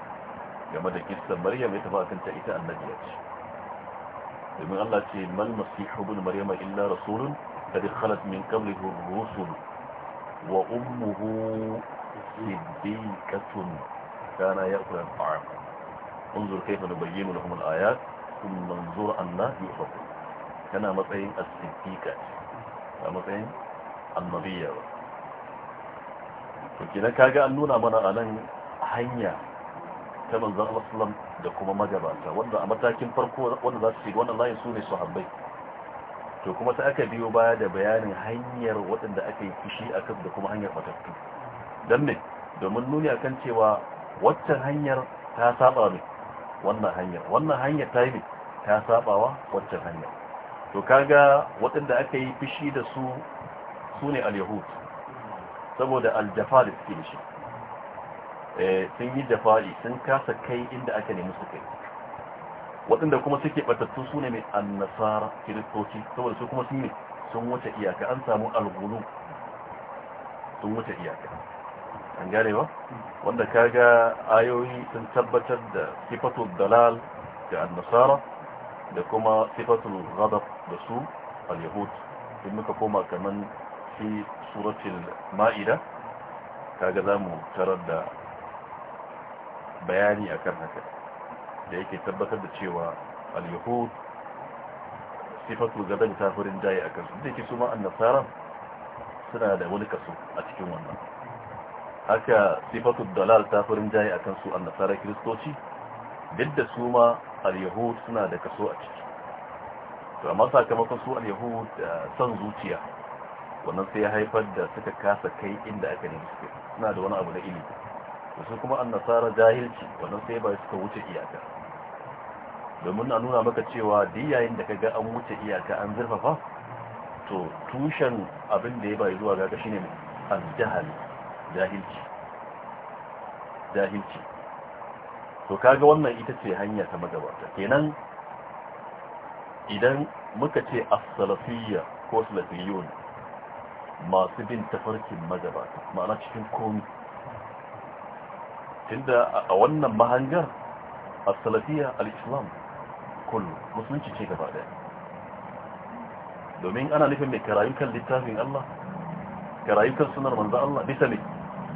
Speaker 1: كما ذكرت كسا مريم يتفاق انت إتاء المديات لمن الله تي ما المسيح ابن مريم إلا رسول قد خلت من قبله الرسل وأمه سبيكة كان يأكل الطعام انظر كيف نبين لهم الآيات ثم انظر أنا يؤفكون كان مطعين الصديقة كان مطعين النبي فكذا كاقا أن نونا منا أنا hanya ta manzan Allah da kuma magabata wanda a matakin farko wanda za su shiga wannan layin su ne sahabbai to kuma sai aka biyo baya da bayanin hanyar waɗanda aka yi fushi a kan da kuma hanyar matattu don ne domin nuni kan cewa waccan hanyar ta saba ne wannan hanyar wannan hanyar ta yi ta sabawa wancan hanyar to kaga waɗanda aka yi fishi da su su ne al-yahud saboda al-jafa suke da shi eh, sun yi jafali sun kasa kai inda aka nemi su kai waɗanda kuma suke ɓatattu su ne mai annasara kiristoci saboda su kuma sun ne sun wuce iyaka an samu algulu sun wuce iyaka an gane ba wanda kaga ayoyi sun tabbatar da sifatul dalal da annasara da kuma sifatul ghadab da su al-yahud muka koma kaman fi suratul ma'ida kaga zamu tarar da bayani akan haka da yake tabbatar da cewa al-yahud sifatul ghadab ta furin jayi akan su da yake su ma annasara suna da wani kaso a cikin wannan haka sifatu dalal ta furin jaye akan su annasara kiristoci duk da su ma al-yahud suna da kaso a ciki to amma sakamakon su al-yahud san zuciya wannan sai ya haifar da suka kasa kai inda aka nemi su suna da wani abu na ilimi to su kuma annasara jahilci wannan sai ba suka wuce iyaka domin na nuna maka cewa duk yayin da kaga an wuce iyaka an zurfafa to tushen abin da ya bai zuwa ga shine al jahali jahilci jahilci to kaga wannan ita ce hanya ta magabata kenan idan muka ce as-salafiyya ko salafiyun masu bin tafarkin magabata ma'ana cikin komi tunda a wannan mahangar as-salafiyya al-islam kullu musulunci ce gaba daya domin ana nufin mai karayukan littafin Allah karayukan sunar manzo Allah bisa ne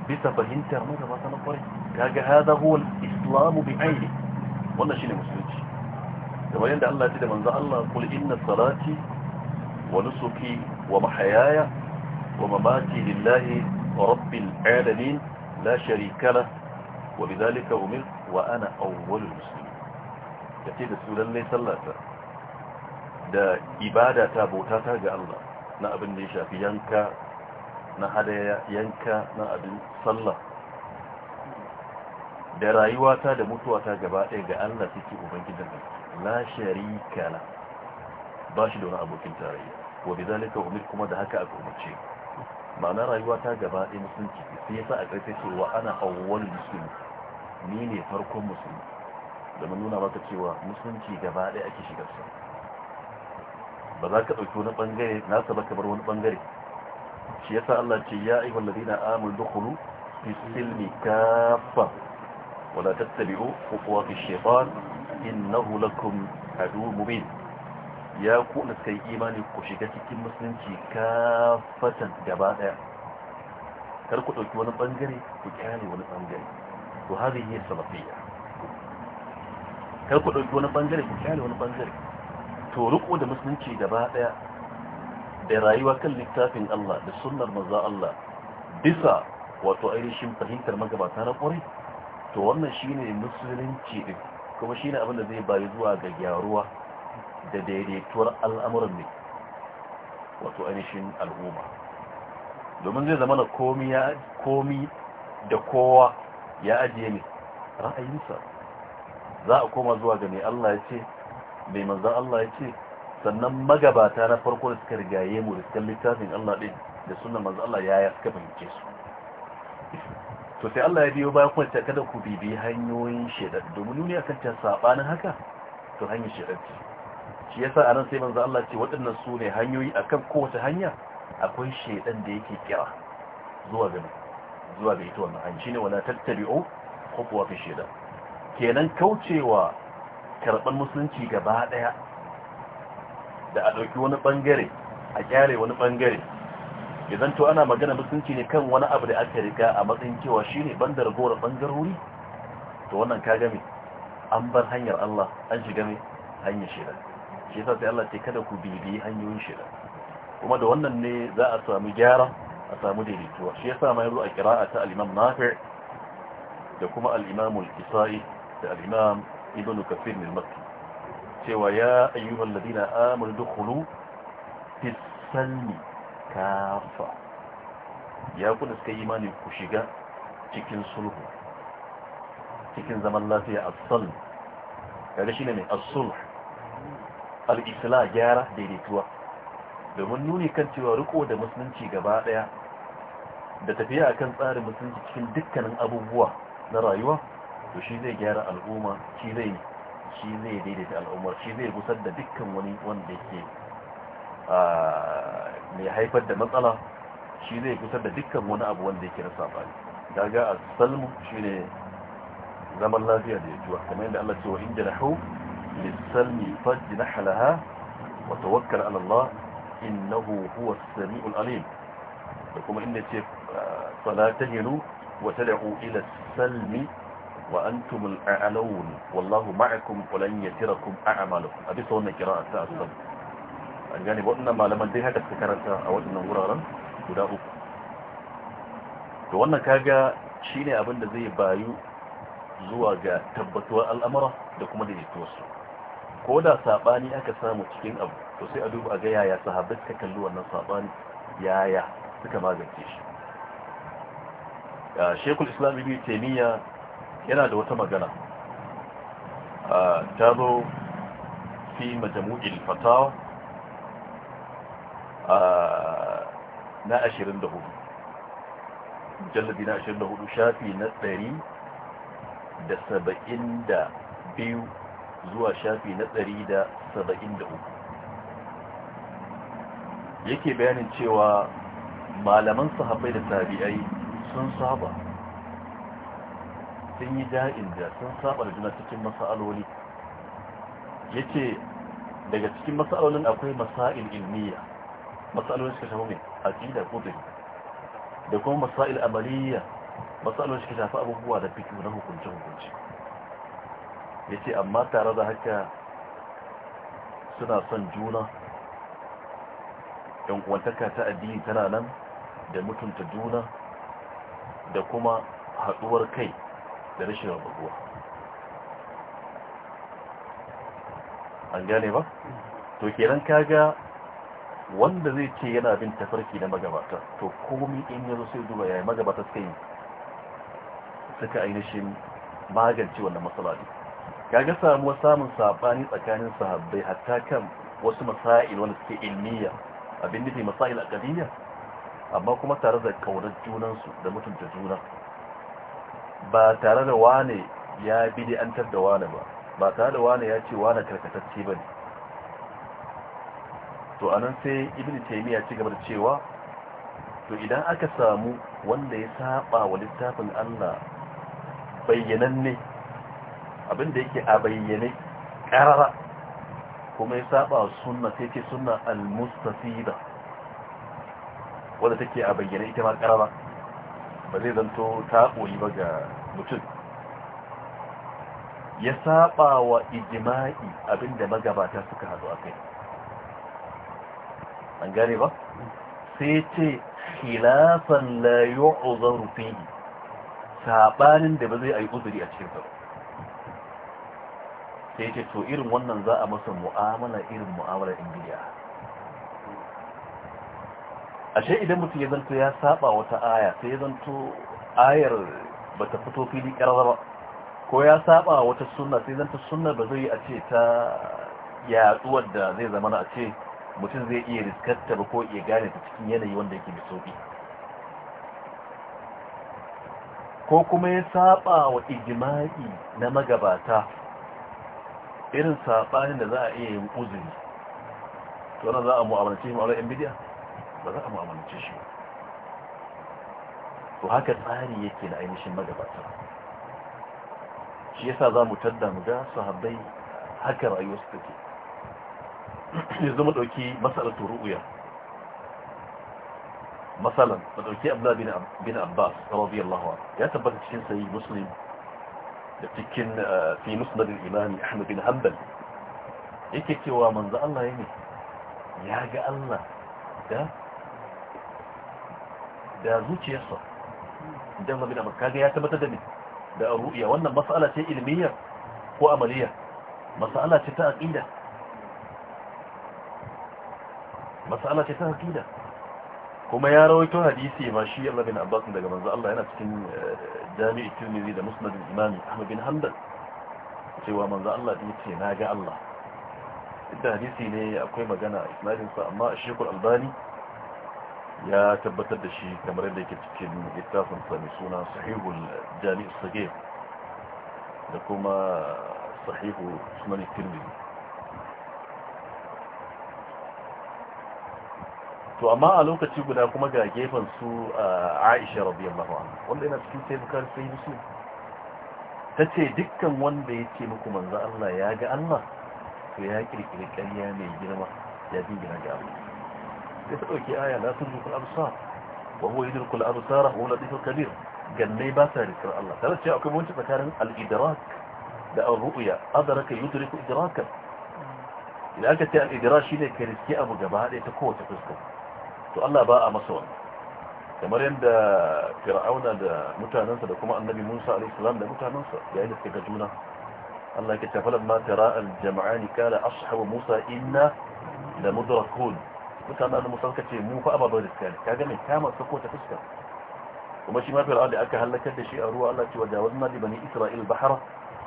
Speaker 1: bisa fahimtar magabata na kwarai kaga hada huwa islamu bi aini wannan shine musulunci kamar da Allah ya ce da manzo Allah kul inna salati wa nusuki wa mahayaya wa mamati lillahi rabbil alamin la sharika lahu wa bidhalika wa ana awwalul muslimin kace da sunan sallata da ibada ta bauta ta ga Allah na abin da ya shafi yanka na hadaya yanka na abin sallah da rayuwata da mutuwata gaba ɗaya ga Allah suke ubangijin la sharika la ba shi da wani abokin tarayya wa bi zalika umir kuma da haka aka umarce ma'ana rayuwata gaba ɗaya musulunci sai yasa a ƙarfe cewa ana awwal musulmi ni ne farkon musulmi mun nuna maka cewa musulunci gaba ɗaya ake shigar sa ba za ka ɗauki wani ɓangare nasa ba ka bar wani bangare. shi yasa Allah ce ya ayyuhal ladina amanu dukhulu fi silmi kaffa wa la tattabi'u khutuwati shaytan innahu lakum aduwwun mubin ya ku da kai imani ku shiga cikin musulunci kafatan gaba daya kar ku dauki wani bangare ku kyale wani bangare to hadhihi salafiyya kar ku dauki wani bangare ku kyale wani bangare to riko da musulunci gaba daya da rayuwa kan littafin Allah da sunnar maza Allah bisa wato ainihin fahimtar magabata na ƙwarai to wannan shi ne musulunci din kuma shi abin da zai bayi zuwa ga gyaruwa da daidaituwar al'amuran ne wato ainihin al'umma domin zai zama na komi da kowa ya ajiye ne ra'ayinsa za a koma zuwa ga mai Allah ya ce mai manzan Allah ya ce sannan magabata na farko da suka rigaye mu da cikin littafin Allah ɗin da sunan manzo Allah ya ya suka bincike su to sai Allah ya biyo bayan kuma ta kada ku bibi hanyoyin shedar domin nuni akan ta sabanin haka to hanyar shedar ce shi yasa anan sai manzo Allah ce waɗannan su ne hanyoyi akan kowace hanya akwai shedan da yake kira zuwa ga zuwa ga ita wannan wani shine wala tattabi'u khutuwa fi shedan kenan kaucewa karban musulunci gaba daya da a ɗauki wani ɓangare a kyare wani ɓangare idan to ana magana mutunci ne kan wani abu da aka riga a matsayin cewa shi ne ban da ragowar ɓangarori to wannan ka gami. an bar hanyar Allah an shiga mai hanyar shida shi sa sai Allah ce kada ku bibiyi hanyoyin shida kuma da wannan ne za a samu gyara a samu daidaituwa shi yasa ma yanzu a kira'a ta al-Imam Nafi' da kuma al-Imam al da al-Imam Ibn Kathir min Makkah cewa ya ayyuhal ladina amanu dukhulu fi kafa ya ku suka yi mani ku shiga cikin sulhu cikin zaman lafiya a salm kaga shine ne as-sulh al gyara daidaituwa domin nuni kan cewa riko da musulunci gaba daya da tafiya akan tsarin musulunci cikin dukkanin abubuwa na rayuwa to shi zai gyara al'umma shi zai shi zai daidaita al'ummar shi zai gusar da dukkan wani wanda ke mai haifar da matsala shi zai gusar da dukkan wani abu wanda ke na sabani daga a salmu shi ne zaman lafiya da yajuwa kamar yadda Allah cewa inda na hau salmi fajji na halaha wa tawakkal ala Allah innahu huwa sami'ul alim da kuma inda ce fala tahinu wa tad'u ila salmi wa antumul a'lawun wallahu ma'akum wa lan yatrukum a'malukum abi sa wannan kira'a ta azab an gani ba wannan malaman dai haka suka karanta a wannan wuraren guda uku to wannan kaga shine abin da zai bayu zuwa ga tabbatuwar al'amara da kuma da yatsu ko da sabani aka samu cikin abu to sai a duba ga yaya sahabbai suka kallo wannan sabani yaya suka magance shi shekul islami bi temiya yana da wata magana ta zo fi majamu'il fatawa na 24 jallabi na 24 shafi na 172 zuwa shafi na 173 yake bayanin cewa malaman sahabbai da tabi'ai sun saba sun yi ja'in da sun saba da juna cikin masa'aloli, ya ce daga cikin masalolin akwai masail ilmiya masalolin suka shafi mai aqida ko da da kuma masail amaliya masalolin suka shafi abubuwa da fito na hukunci hukunci ce amma tare da haka suna son juna yan uwantaka ta addini tana nan da mutunta juna da kuma haduwar kai da rashin abubuwa an gane ba to kenan kaga wanda zai ce yana bin tafarki na magabata to komi in yazo sai duba yayi magabata suka yi suka ainihin magance wannan matsala ne kaga samuwa samun sabani tsakanin sahabbai hatta kan wasu masail wanda suke ilmiya abin nufi masail aqdiyya amma kuma tare da kaunar junansu da mutunta juna ba tare da wane ya da an da wane ba ba tare da wane ya ce wane karkatacce ba ne to anan sai ibn taymiya ci gaba da cewa to idan aka samu wanda ya saba wa littafin Allah bayyananne abinda yake a bayyane karara kuma ya saba sunna sai ce sunna al-mustafida wanda take a bayyane ita ma karara ba zai zanto ta koyi ba ga mutum ya saba wa ijima'i abinda magabata suka hadu a kai an gane ba sai ce khilafan la yu'zaru fihi sabanin da ba zai ayi uzuri a cikin sa sai ce to irin wannan za a masa mu'amala irin mu'amala Ingiliya. ashe idan mutum ya zanto ya saba wata aya sai ya zanto ayar ba ta fito fili ƙarar ba ko ya saba wata suna sai zanta sunna ba zai a ce ta yaduwar da zai zama a ce mutum zai iya riskarta ba ko iya gane ta cikin yanayi wanda yake da sauki ko kuma ya saba wa ijima'i na magabata irin sabanin da za a iya yin uzuri to na za a mu'amalci shi ma'aurin yan bidiyar ba za a mu'amalance shi to haka tsari yake na ainihin magabata shi yasa za mu tadda mu ga sahabbai haka rayuwar su take ya zama ɗauki matsalar uya. matsalar da ɗauki bin abbas radiyallahu anhu ya tabbata cikin sayi muslim da cikin eh, fi musnadin imami ahmad bin hanbal yake cewa manzo Allah ya ne ya ga Allah da da zuciyarsa idan Rabin da kaga ya tabbatar da ne da ru'iya wannan mas'ala ce ilmiya ko amaliya mas'ala ce ta aqida mas'ala ce ta aqida kuma ya rawaito hadisi ma shi Allah bin Abbas daga manzo Allah yana cikin eh, Jami'i Tirmidhi da Musnad al-Imam Ahmad bin Hanbal cewa manzo Allah ya ce naga Allah duk da hadisi ne akwai magana isnadin sa amma Sheikh Al-Albani ya tabbatar da shi kamar yadda yake cikin littafin sami suna sahihul jami'ar sage da kuma sahihu sunan tirmidhi to amma a lokaci guda kuma ga gefen su Aisha radiyallahu anha wanda yana cikin sai bukar sai musu tace dukkan wanda ya ce muku manzo Allah ya ga Allah to ya kirkire ƙarya mai girma ya dingina ga Allah يسألك آية لا تدرك الأبصار وهو يدرك الأبصار هو لديه الكبير قال لي باتا يسأل الله ثلاث شيء أكبر منك فكان الإدراك لا الرؤية أدرك يدرك إدراكا الآن كتاء الإدراك إليك كريسكي أبو جباها لي تقوة تقسك سؤال الله باء مصر كمارين دا فرعون دا متاننسى لكما النبي موسى عليه السلام دا متاننسى دا أين استقجونا الله كتاء فلما تراء الجمعان كان أصحب موسى إنا لمدركون mutane da musan kace mu fa ababa da tsari kaga mai kama sako ta fuska kuma shi ma fir'aun da aka halakar da shi a ruwa Allah ce wajawazna li bani isra'il bahra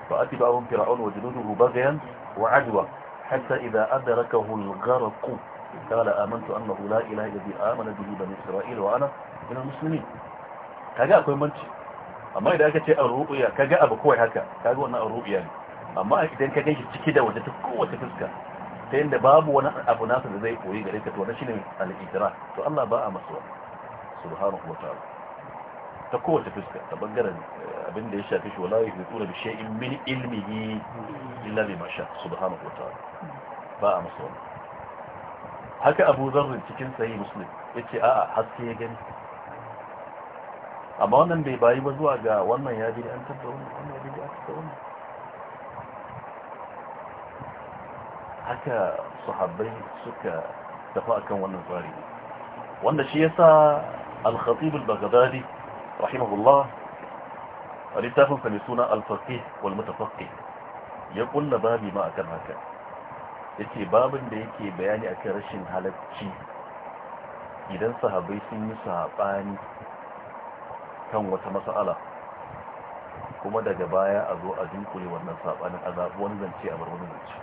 Speaker 1: fa atibahum fir'aun wa junuduhu baghyan wa adwa hatta idha adrakahu al-gharq qala amantu annahu la ilaha illa bi amana bihi bani isra'il wa ana min al-muslimin kaga akwai manci amma idan aka ce ar-ru'ya kaga abu kawai haka kaga wannan ar-ru'ya ne amma idan ka ganshi ciki da waje ta kowace fuska ta yadda babu wani abu nasa da zai koyi gare ka to na shine al-ikra to Allah ba a masa subhanahu wa ta'ala ta kowace fuska ta bangaren eh, abin da ya shafi shi wala yuhituna bi shay'in min ilmihi illa bima sha subhanahu wa ta'ala ba a masu haka Abu Zarr cikin sahih Muslim yace a'a haske ya gani amma wannan bai bayi ba zuwa ga wannan ya bi an tabbata wannan ya bi an tabbata haka sahabbai suka tafi akan wannan tsari wanda shi yasa al-khatib al-baghdadi rahimahullah littafin sa suna al-faqih wal mutafaqih ya kulla babi ma akan haka yace babin da yake bayani akan rashin halacci idan sahabbai sun yi sabani kan wata mas'ala kuma daga baya a zo a dinkule wannan sabanin azabu wani zance a bar wani zance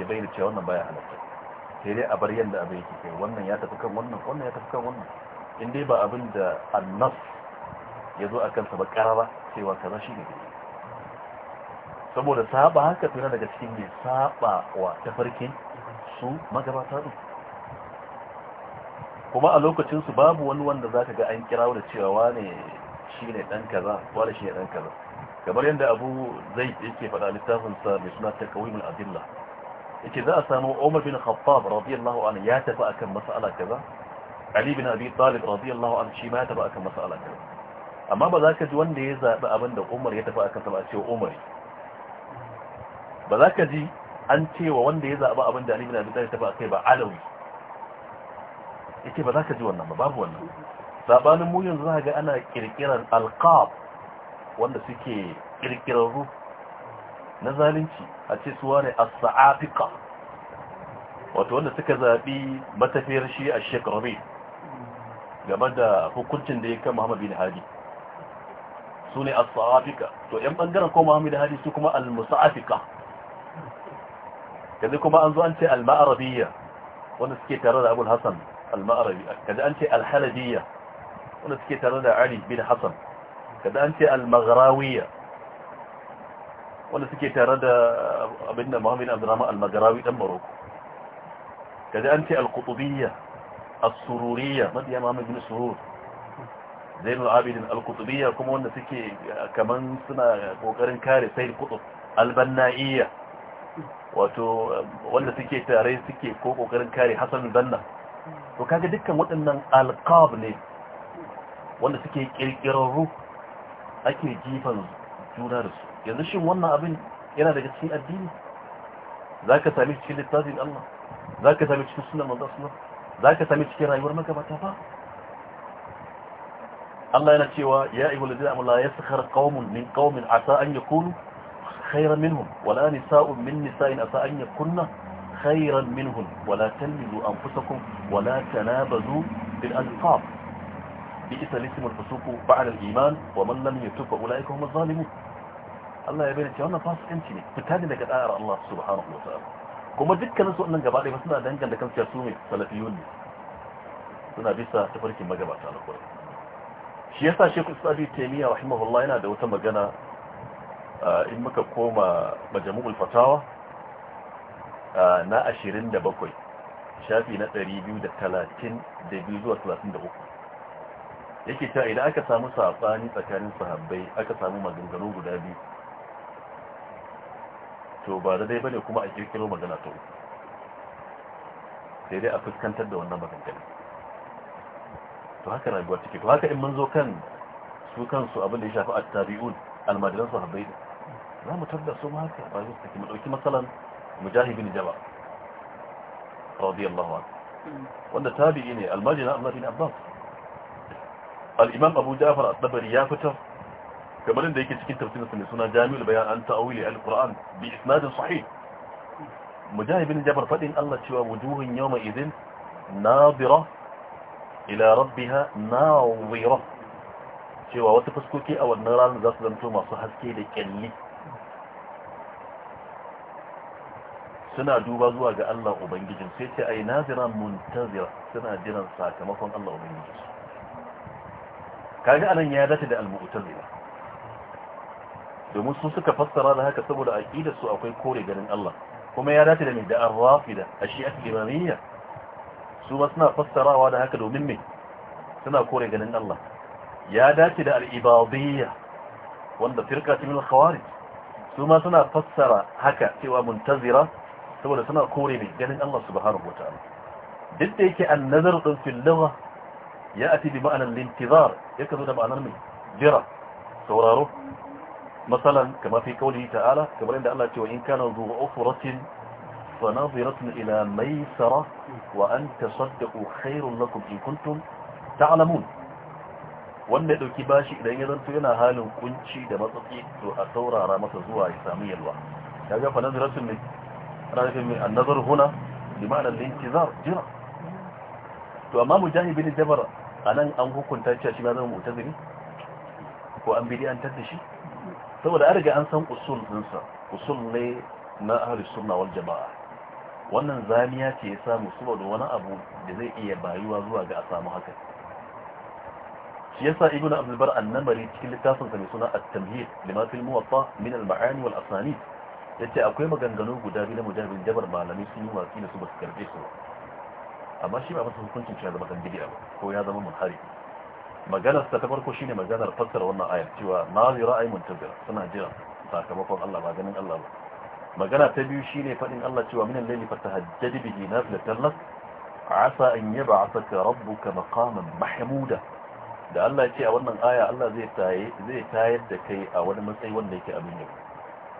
Speaker 1: ya bayyana cewa wannan baya halatta sai dai a bar yadda abin yake kai wannan ya tafi kan wannan wannan ya tafi kan wannan in dai ba abin da annas ya zo a kansa ba karara cewa kaza shi ne saboda saba haka tuna daga cikin mai saba wa tafarkin su magabata din kuma a lokacinsu babu wani wanda za ka ga an kira da cewa wane shi ne ɗan kaza wane shi ne kaza kamar yadda abu zai yake faɗa littafinsa mai suna ta kawai adilla yake za a samu Umar bin Khattab radiyallahu anhu ya tafi akan mas'ala kaza Ali bin Abi Talib radiyallahu anhu shi ma ya tafi akan mas'ala kaza amma ba za ka ji wanda ya zaɓi abin da Umar ya tafi akan sa ba ce Umar ba za ka ji an cewa wanda ya zaɓi abin da Ali bin Abi Talib tafi akai ba Alawi yake ba za ka ji wannan ba babu wannan sabanin mu yanzu za ga ana kirkiran alqab wanda suke kirkirarru na zalunci a ce suwa ne as-sa'afika wato wanda suka zaɓi matafiyar shi a shekaru game da hukuncin da ya kan Muhammad bin Hadi su ne as-sa'afika to yan bangaren ko Muhammad da Hadi su kuma al-musa'afika kaje kuma an zo an ce al-ma'arabiyya wanda suke tare da Abu Hassan al-ma'arabi kaje an ce al-halabiyya wanda suke tare da Ali bin Hassan kaje an ce al-maghrawiyya wanda suke tare da abinda Muhammad Abdurrahman al magrawi dan Morocco kaje an ce al-qutubiyya as-sururiyya madiya Muhammad bin Surur Zainul Abidin al-qutubiyya kuma wanda suke eh, kaman suna kokarin kare Sayyid Qutb al-Banna'iyya wato eh, wanda suke tare suke ko kokarin kare Hassan Banna to kaga dukkan waɗannan alqab ne wanda suke kirkirarru ake jifan su juna da su yanzu shin wannan abin yana daga cikin addini za ka sami cikin littafin Allah za ka sami cikin suna manzo sunan za ka sami cikin rayuwar magabata ba Allah yana cewa ya ayyuhal ladina amanu la yaskhar qaumun min qaumin asa an yakunu khayran minhum wala ni sa'un min nisa'in asa an yakunna khayran minhum wala an anfusakum wala tanabazu bil alqab bi'sa lismul fusuqu ba'da al-iman wa man lam yatub fa ulaika humuz Allah ya bayyana cewa wannan fasikanci ne fita ne daga da'ar Allah subhanahu wa ta'ala kuma dukkanin su wannan gaba ɗaya suna danganta kan cewa su ne salafiyun ne suna bisa tafarkin magabata na kurai shi yasa shekul sabi taimiyya rahimahullah yana da wata magana in muka koma majmu'ul fatawa na 27 shafi na 232 zuwa 33 yake ta idan aka samu saɓani tsakanin sahabbai aka samu maganganu guda biyu to ba da dai bane kuma a kirkiro magana ta uku sai dai a fuskantar da wannan maganganu to haka rayuwa take to haka in mun zo kan su kansu abin da ya shafi at-tabi'un al-madalan sahabbai za mu tabda su ma haka ba su take mu dauki masalan mujahid bin jabal radiyallahu anhu hmm. wanda tabi'i ne al-majna Allah bin Abbas al-imam abu ja'far at-tabari ya fitar kamar da yake cikin tafsirinsa mai suna jami'ul bayan an ta'awili al-qur'an bi isnadin sahih mujahid bin jabr fadin Allah cewa wujuhun yawma idhin nadira ila rabbiha nadira cewa wata fuskoki a wannan ranar za su zanto masu haske da kyalli suna duba zuwa ga Allah ubangijin sai ce ai nazira muntazira suna jiran sakamakon Allah ubangijin kaga anan ya dace da al-mu'tazila domin su suka fassara da haka saboda aqidar su akwai kore ganin Allah kuma ya dace da mai da ar-rafida ashi'a al-imamiyya su ba suna fassarawa da haka domin me suna kore ganin Allah ya dace da al-ibadiyya wanda firqa min al-khawarij su ma suna fassara haka cewa muntazira saboda suna kore mai ganin Allah subhanahu wataala duk da yake an-nazar din fil lugha يأتي بمعنى الانتظار يكذو بمعنى الجرى سوراره مثلا كما في قوله تعالى كما عند الله تعالى وإن كان ذو عفرة فناظرة إلى ميسرة وأن تصدقوا خير لكم إن كنتم تعلمون wanda ya dauki bashi idan ya zanto yana halin kunci da matsatsi to a saurara masa zuwa ya sami yalwa ya ga fa nazaratun ne ana nufin mai annazar huna bi ma'anar lintizar jira to amma mujahid bin a anan an hukunta cewa shi ba zama mu'tazili ko an bidi an tadda shi saboda an riga an san usul dinsa usul ne na ahli sunna wal jamaa wannan zamiya ce ya samu saboda wani abu da zai iya bayuwa zuwa ga a samu haka shi yasa ibnu abdul bar an-namari cikin littafin sa mai suna at-tamhid lima fil muwatta min al-ma'ani wal asanid yace akwai maganganu guda biyu na mujahid bin malamai malami sun yi watsi da su basu karbe su amma shi ba masa hukuncin cewa zama dan ba ko ya zama hari? maganar ta farko shine maganar fassara wannan ayar cewa nazira ay muntazira suna jira sakamakon Allah ba ganin Allah ba magana ta biyu shine fadin Allah cewa minan layli fatahajjad bihi nafilatan lak asa an yab'athaka rabbuka maqaman mahmuda da Allah ya ce a wannan aya Allah zai taye zai tayar da kai a wani matsayi wanda yake abin yau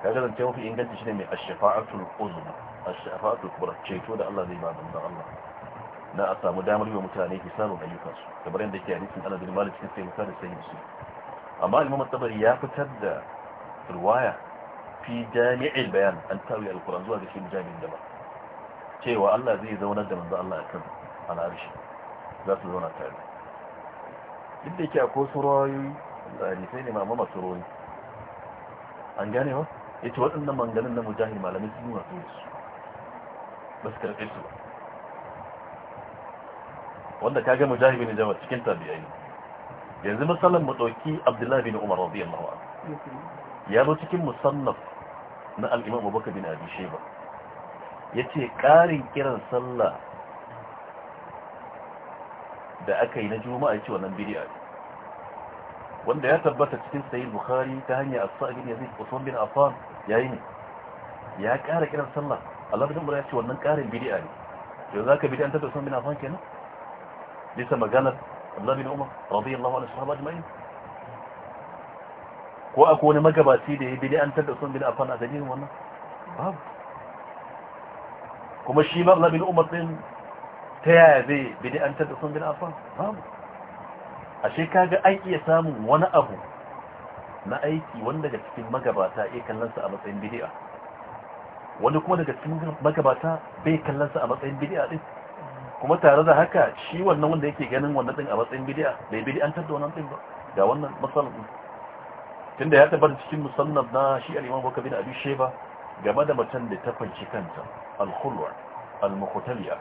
Speaker 1: kaga zance mafi inganci shine mai ash-shafa'atul uzma ash-shafa'atul kubra ceto da Allah zai ba da Allah Na a samu damar yi wa mutane hisabin ayyukansu kamar yadda ke hadisin ana bin malik cikin taimaka da sayyin su amma imam tabari ya fitar da riwaya fi jami'in bayan an tawi alquran zuwa ga shi jami'in da ba cewa Allah zai zaunar da manzo Allah akan al'arshi za su zauna tare duk da yake akwai suroyi da sai ne mamma surori an gane ba yace waɗannan manganin na mujahid malamai sun yi wasu ba su karɓe su ba wanda kaga mujahid bin jabal cikin tabi'ai yanzu misalin mu dauki abdullahi bin umar radiyallahu anhu ya zo cikin musannaf na al-imam abubakar bin abi shayba yace karin kiran sallah da aka yi na juma'a ya yace wannan bid'a wanda ya tabbata cikin sahih bukhari ta hanya a sa'adin bin yazid usman bin Afan ya yi ne ya ƙara kiran sallah Allah bin umar yace wannan ƙarin bid'a ne yanzu zaka bid'a ta usman bin Afan kenan bisa maganar Abdullah bin Umar radiyallahu anhu sahaba ajma'in ko akwai wani magabaci da ya bi an tada sun bin afan a dalilin wannan babu kuma shi ma Abdullah bin Umar din ta yaya zai bi an tada sun bin afan babu ashe kaga an iya samun wani abu na aiki wanda daga cikin magabata iya kallonsa a matsayin bidi'a wani kuma daga cikin magabata bai kallonsa a matsayin bidi'a ɗin? kuma tare da haka shi wannan wanda yake ganin wannan din a matsayin bid'a bai bid'antar da wannan din ba ga wannan masalan din tunda ya tabbata cikin musannad na shi al-Imam Bukhari da Abi Shayba game da matan da ta fanci kanta al-khulwa al-muqtaliya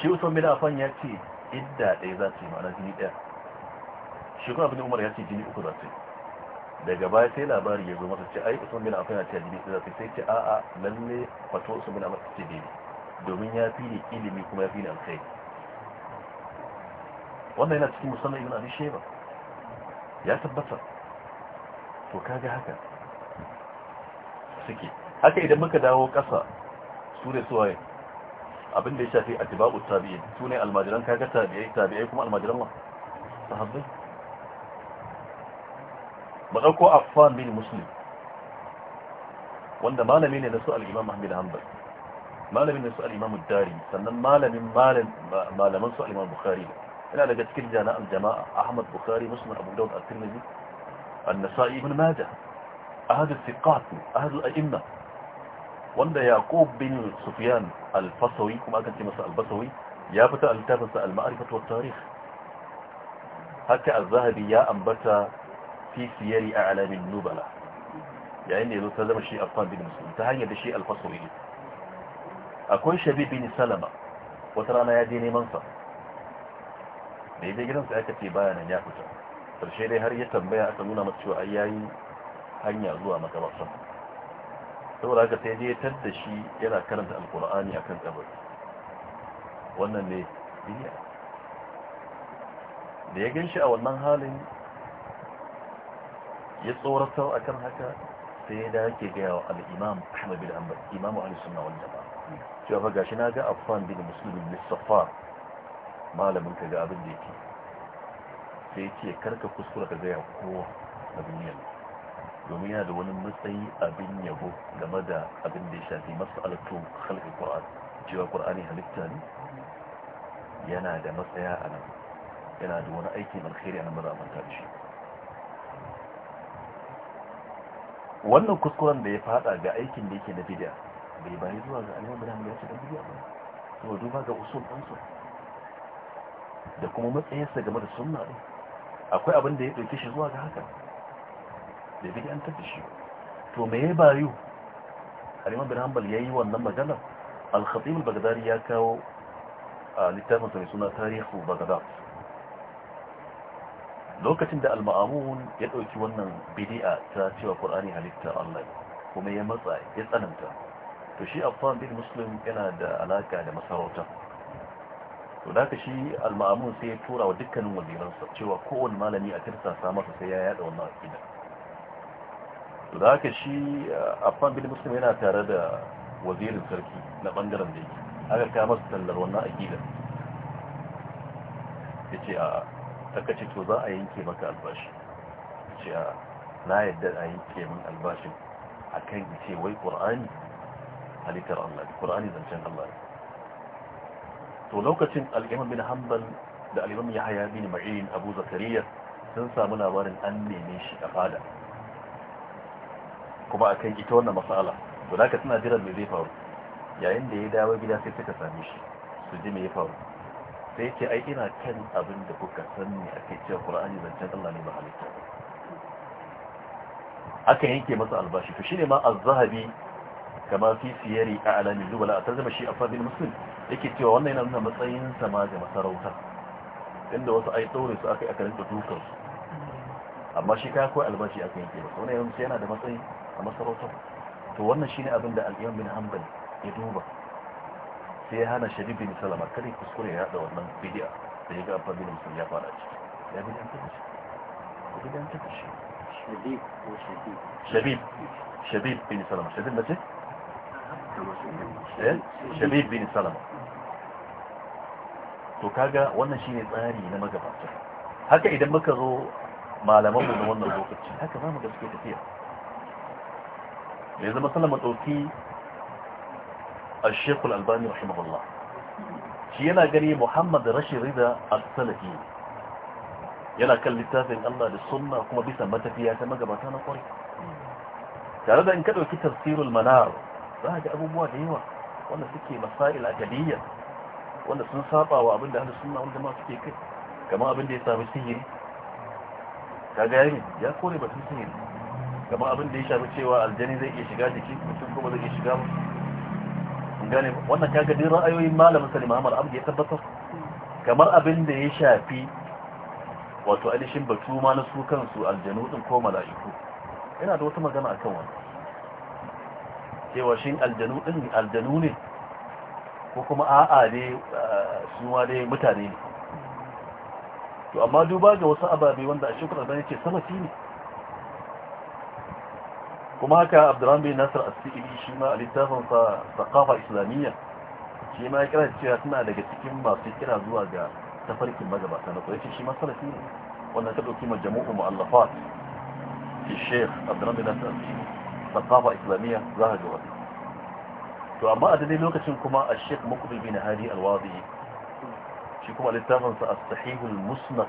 Speaker 1: shi Usman bin Affan ya ce idda ɗaya za ta yi ma'ana jini ɗaya shi kuma abin Umar ya ce jini uku za ta yi daga baya sai labari ya zo masa ce ai Usman bin Affan ya ce jini ɗaya za ta yi sai ce a'a lalle fato Usman bin Affan ce daidai domin ya fi ni ilimi kuma ya fi ni alkhairi wannan yana cikin musamman ibn abi sheba ya tabbata to kaga haka suke haka idan muka dawo ƙasa su ne suwaye abin da ya shafi a tibabu tabi'in su ne almajiran kaga tabi'ai tabi'ai kuma almajiran wa sahabbai ba ɗauko affan bin muslim wanda malami ne na su al'imman Ahmad Hanbal malamin da su al'imamu dari sannan malamin malaman su al'imamu bukari yana daga cikin jana'an jama'a ahmad bukari musulman abu daud al-tirmidhi an-nasa'i ibn majah ahad al-thiqat ahad al-a'imma wanda yaqub bin sufyan al-fasawi kuma aka ce masa al-basawi ya fita al-kitabin sa al-ma'rifat wa tarikh haka az-zahabi ya ambata fi siyari a'lam an-nubala yayin da yazo ta zama shi afan bin muslim ta hanyar da shi al-fasawi akwai shabib bin salama wata rana ya je neman sa da je gidansa ya kafe baya ya fita sarshe dai har ya tambaya aka nuna masu cewa ya yayi hanya zuwa makabarsa saboda haka sai ya tar da shi yana karanta alkur'ani akan kabari wannan ne bidiya da ya gan shi a wannan halin ya tsoratar akan haka sai ya da gaya wa al-imam Ahmadu da imamu al-sunna wal jama'a cewa fa gashi na ga afan bin muslim bin malamin ka ga abin da yake sai ce karka kuskura ka gaya kowa a duniyar domin yana da wani matsayi abin yabo game da abin da ya shafi masu alattun halka ƙwa'an cewa ƙwa'ani halitta ne yana da matsaya a nan yana da wani aikin alkhairi a nan ba shi wannan kuskuren da ya fada ga aikin da yake na bidiyar bai bayi zuwa ga al'amur hamdu ya ce ɗan bidiya ba to duba ga usul ɗansu da kuma matsayinsa game da sunna ɗin akwai abin da ya ɗauke shi zuwa ga haka da an tafi shi to me ya bayu al'amur bin hanbal ya yi wannan magana al bagadari ya kawo a littafin sa mai suna tarihu bagadar lokacin da alma'amun ya ɗauki wannan bidi'a ta cewa ƙwarani halitta Allah kuma ya matsa ya tsananta to shi affan bin muslim yana da alaka da masarauta to da shi al-ma'amun sai ya tura wa dukkanin waziransa cewa kowane malami a tirsasa masa sai ya yada wannan aqida to da shi uh, affan bin muslim yana tare da wazirin sarki na bangaren da yake aka kawo masa tallar wannan aqida yace a takace to za a yanke maka albashi yace a na yadda a yanke min albashin akan ce wai qur'ani halittar Allah ne Qur'ani zancen Allah to lokacin al-Imam bin Hanbal da al-Imam Yahya bin Ma'in Abu Zakariya sun samu labarin an neme shi a fada kuma akan ita wannan masala to ka tana jiran me zai faru yayin da ya dawo gida sai suka same shi su ji ya faru sai ce ai ina kan abin da kuka sani ake cewa Qur'ani zancen Allah ne ba halitta yanke masa albashi to shine ma az-zahabi kama fi siyari a alamin zubala a tarzama shi a fadin muslim yake cewa wannan yana nuna matsayin sama ga masarauta inda wasu ai ɗaure su aka yi a rinka dukar su amma shi ka kawai albashi aka yi kebasa wani yanzu yana da matsayi a masarautar to wannan shi ne abin da al'iyar bin hanbal ya duba sai ya hana sharif bin salama kada kuskure ya haɗa wannan bidiya da ya ga abin bin musulun ya fara ciki ya bi dan tafi ya bi dan tafi shabib shabib shabib bin salama shabib na ce shabib bin salama to kaga wannan shine tsari na magabata haka idan muka zo malamanmu na wannan lokaci haka za mu ga suke tafiya da ya zama salama ɗauki a shekul albani rahimahullah shi yana gani muhammad rashin rida a salafi yana kan littafin allah da sunna kuma bisa matafiya ta magabata na kwarai tare da in ka ɗauki tafsirul manar za a abubuwa da yawa wanda suke masail ajaliyya wanda sun saba wa abinda hannu suna wanda ma suke kai kamar abinda ya sami sihiri ta gari ya kore batun sihiri kamar abinda ya shafi cewa aljani zai iya shiga jiki mutum kuma zai iya shiga gane wannan ta din ra'ayoyin malamin Salim muhammad Abdi ya tabbatar kamar abin da ya shafi wato alishin batu ma na su kansu aljanu din ko mala'iku yana da wata magana akan wannan cewa shi aljanu din aljanu ne ko kuma a'a ne suwa ne mutane ne to amma duba ga wasu ababe wanda a shekul albani ce sama ne kuma haka abdurrahman bin nasir as-sa'idi shi ma a littafin sa saqafa islamiyya shi ma ya kira cewa suna daga cikin masu kira zuwa ga tafarkin magabata na kwaye shi ma salafi ne wannan ta dauki majmu'u mu'allafat shi sheikh abdurrahman bin nasir as-sa'idi sakafa islamiyya za ka ga to amma a daidai lokacin kuma a shek makubi bin hadi alwazi shi kuma littafinsa a sahihul musnad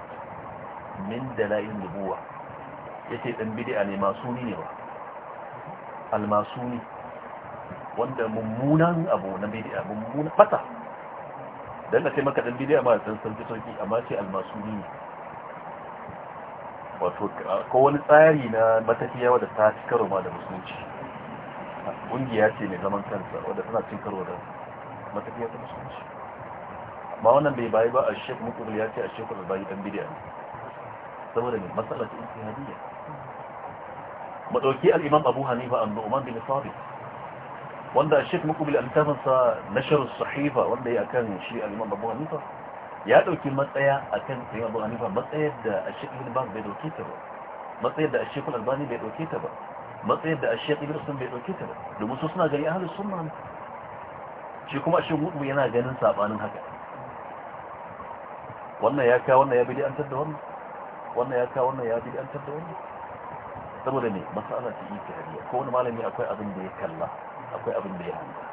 Speaker 1: min dalayin nubuwa yake dan bid'a ne masuni ne ba almasuni wanda mummunan abu na a mummunan fata dan da kai maka dan a ma san san sauki amma sai almasuni ne wato ko wani tsari na matafiya wadda ta ci karo ma da musulunci ƙungiya ce mai zaman kansa wadda tana cin karo da matafiya ta musulunci amma wannan bai bayi ba a shek mutul ya ce a shek da bayi dan bidiya ne saboda mai matsala ta intihadiyya madauki al-imam abu hanifa an nu'man bin sabit wanda a shek mutul al-tafansa nashar sahifa wanda ya kan shi al-imam abu hanifa ya ɗauki matsaya a kan sai abu hanifa matsayar da a shekul ibn bai ɗauke ta ba matsayar da a shekul albani bai ɗauke ta ba matsayar da a shekul ibn sun bai ɗauke ta ba domin su suna gari a halin sunna ne shi kuma a shi gudu yana ganin saɓanin haka wannan ya kawo wannan ya bi an tadda wannan wannan ya kawo wannan ya bi an tadda wannan saboda ne masala ta yi ta hariya ko wani malami akwai abin da ya kalla akwai abin da ya hanga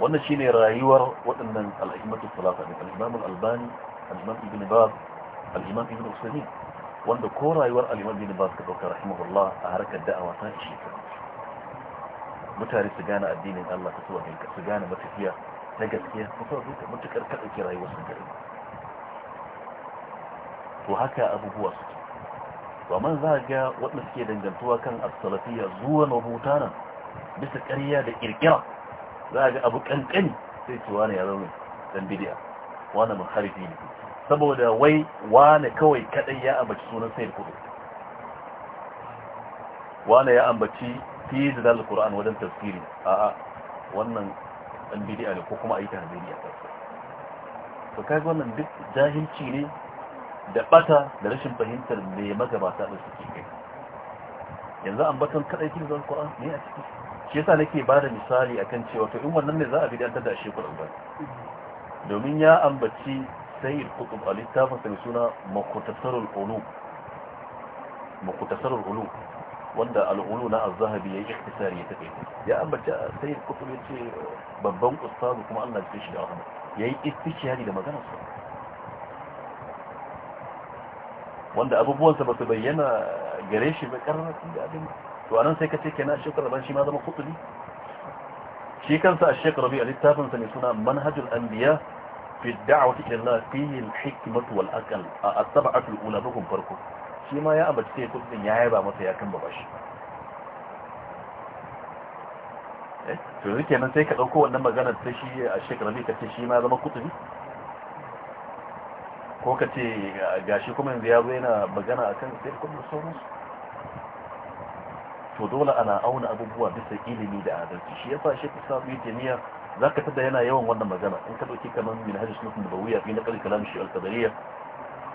Speaker 1: wannan shine rayuwar waɗannan al'immatu salata ne al-imam al-albani al-imam ibn baz al-imam ibn usaymin wanda ko rayuwar al-imam ibn baz ka dauka rahimahullah a harkar da'awa ta shi mutane su gane addinin Allah ta tsohon ka su gane matafiya ta gaskiya ta tsohon ka mutukar ka dauki rayuwar su gari to haka abubuwa su to amma za ga waɗanda suke dangantuwa kan as-salafiyya zuwa mabutana bisa ƙarya da kirkira za a ga abu kankani sai ce wane ya zaune dan bidiya mun muharifi ne saboda wai wani kawai kadai ya ambaci sunan sayar kudu wani ya ambaci fi da dalar ƙura'an wajen tafsiri a wannan dan bidiya ne ko kuma a yi ta hanzari a to kai wannan duk jahilci ne da bata da rashin fahimtar me magabata da suke kai yanzu ambatan kadai kin zan Qur'an ne a ciki shi yasa nake ba da misali akan cewa to in wannan ne za a bidantar da shi kuɗin ba domin ya ambaci sayyid kutub a littafin sai suna makutasarul ulu makutasarul ulu wanda al'ulu na az-zahabi yayi iktisari ya take ya ambaci sayyid kutub yace babban ustadu kuma Allah ya shi da rahama yayi istishhadi da maganar sa wanda abubuwansa ba su bayyana gare shi ba karnar da abin to anan sai ka ce kenan shi Rabi shi ma zama kutubi shi kansa Sheikh Rabi a littafin sa ne suna Manhajul Anbiya fi da'wati ila Allah fihi al-hikmatu wal aql a as-sab'atu al-ula bukum farko shi ma ya ambaci sai kutubin ya yaba masa ya kan babashi eh, to yake nan sai ka dauko wannan maganar ta shi a shekaru Rabi ka ce shi ma zama kutubi ko ka ce gashi kuma yanzu ya zo yana magana akan sai kuma sauransu to dole ana auna abubuwa bisa ilimi da adalci shi yasa shi kusa bi jami'a zaka tada yana yawan wannan magana in ka dauki kaman min hadis sunan nabawiyya fi naqal kalam shi al-qadariyya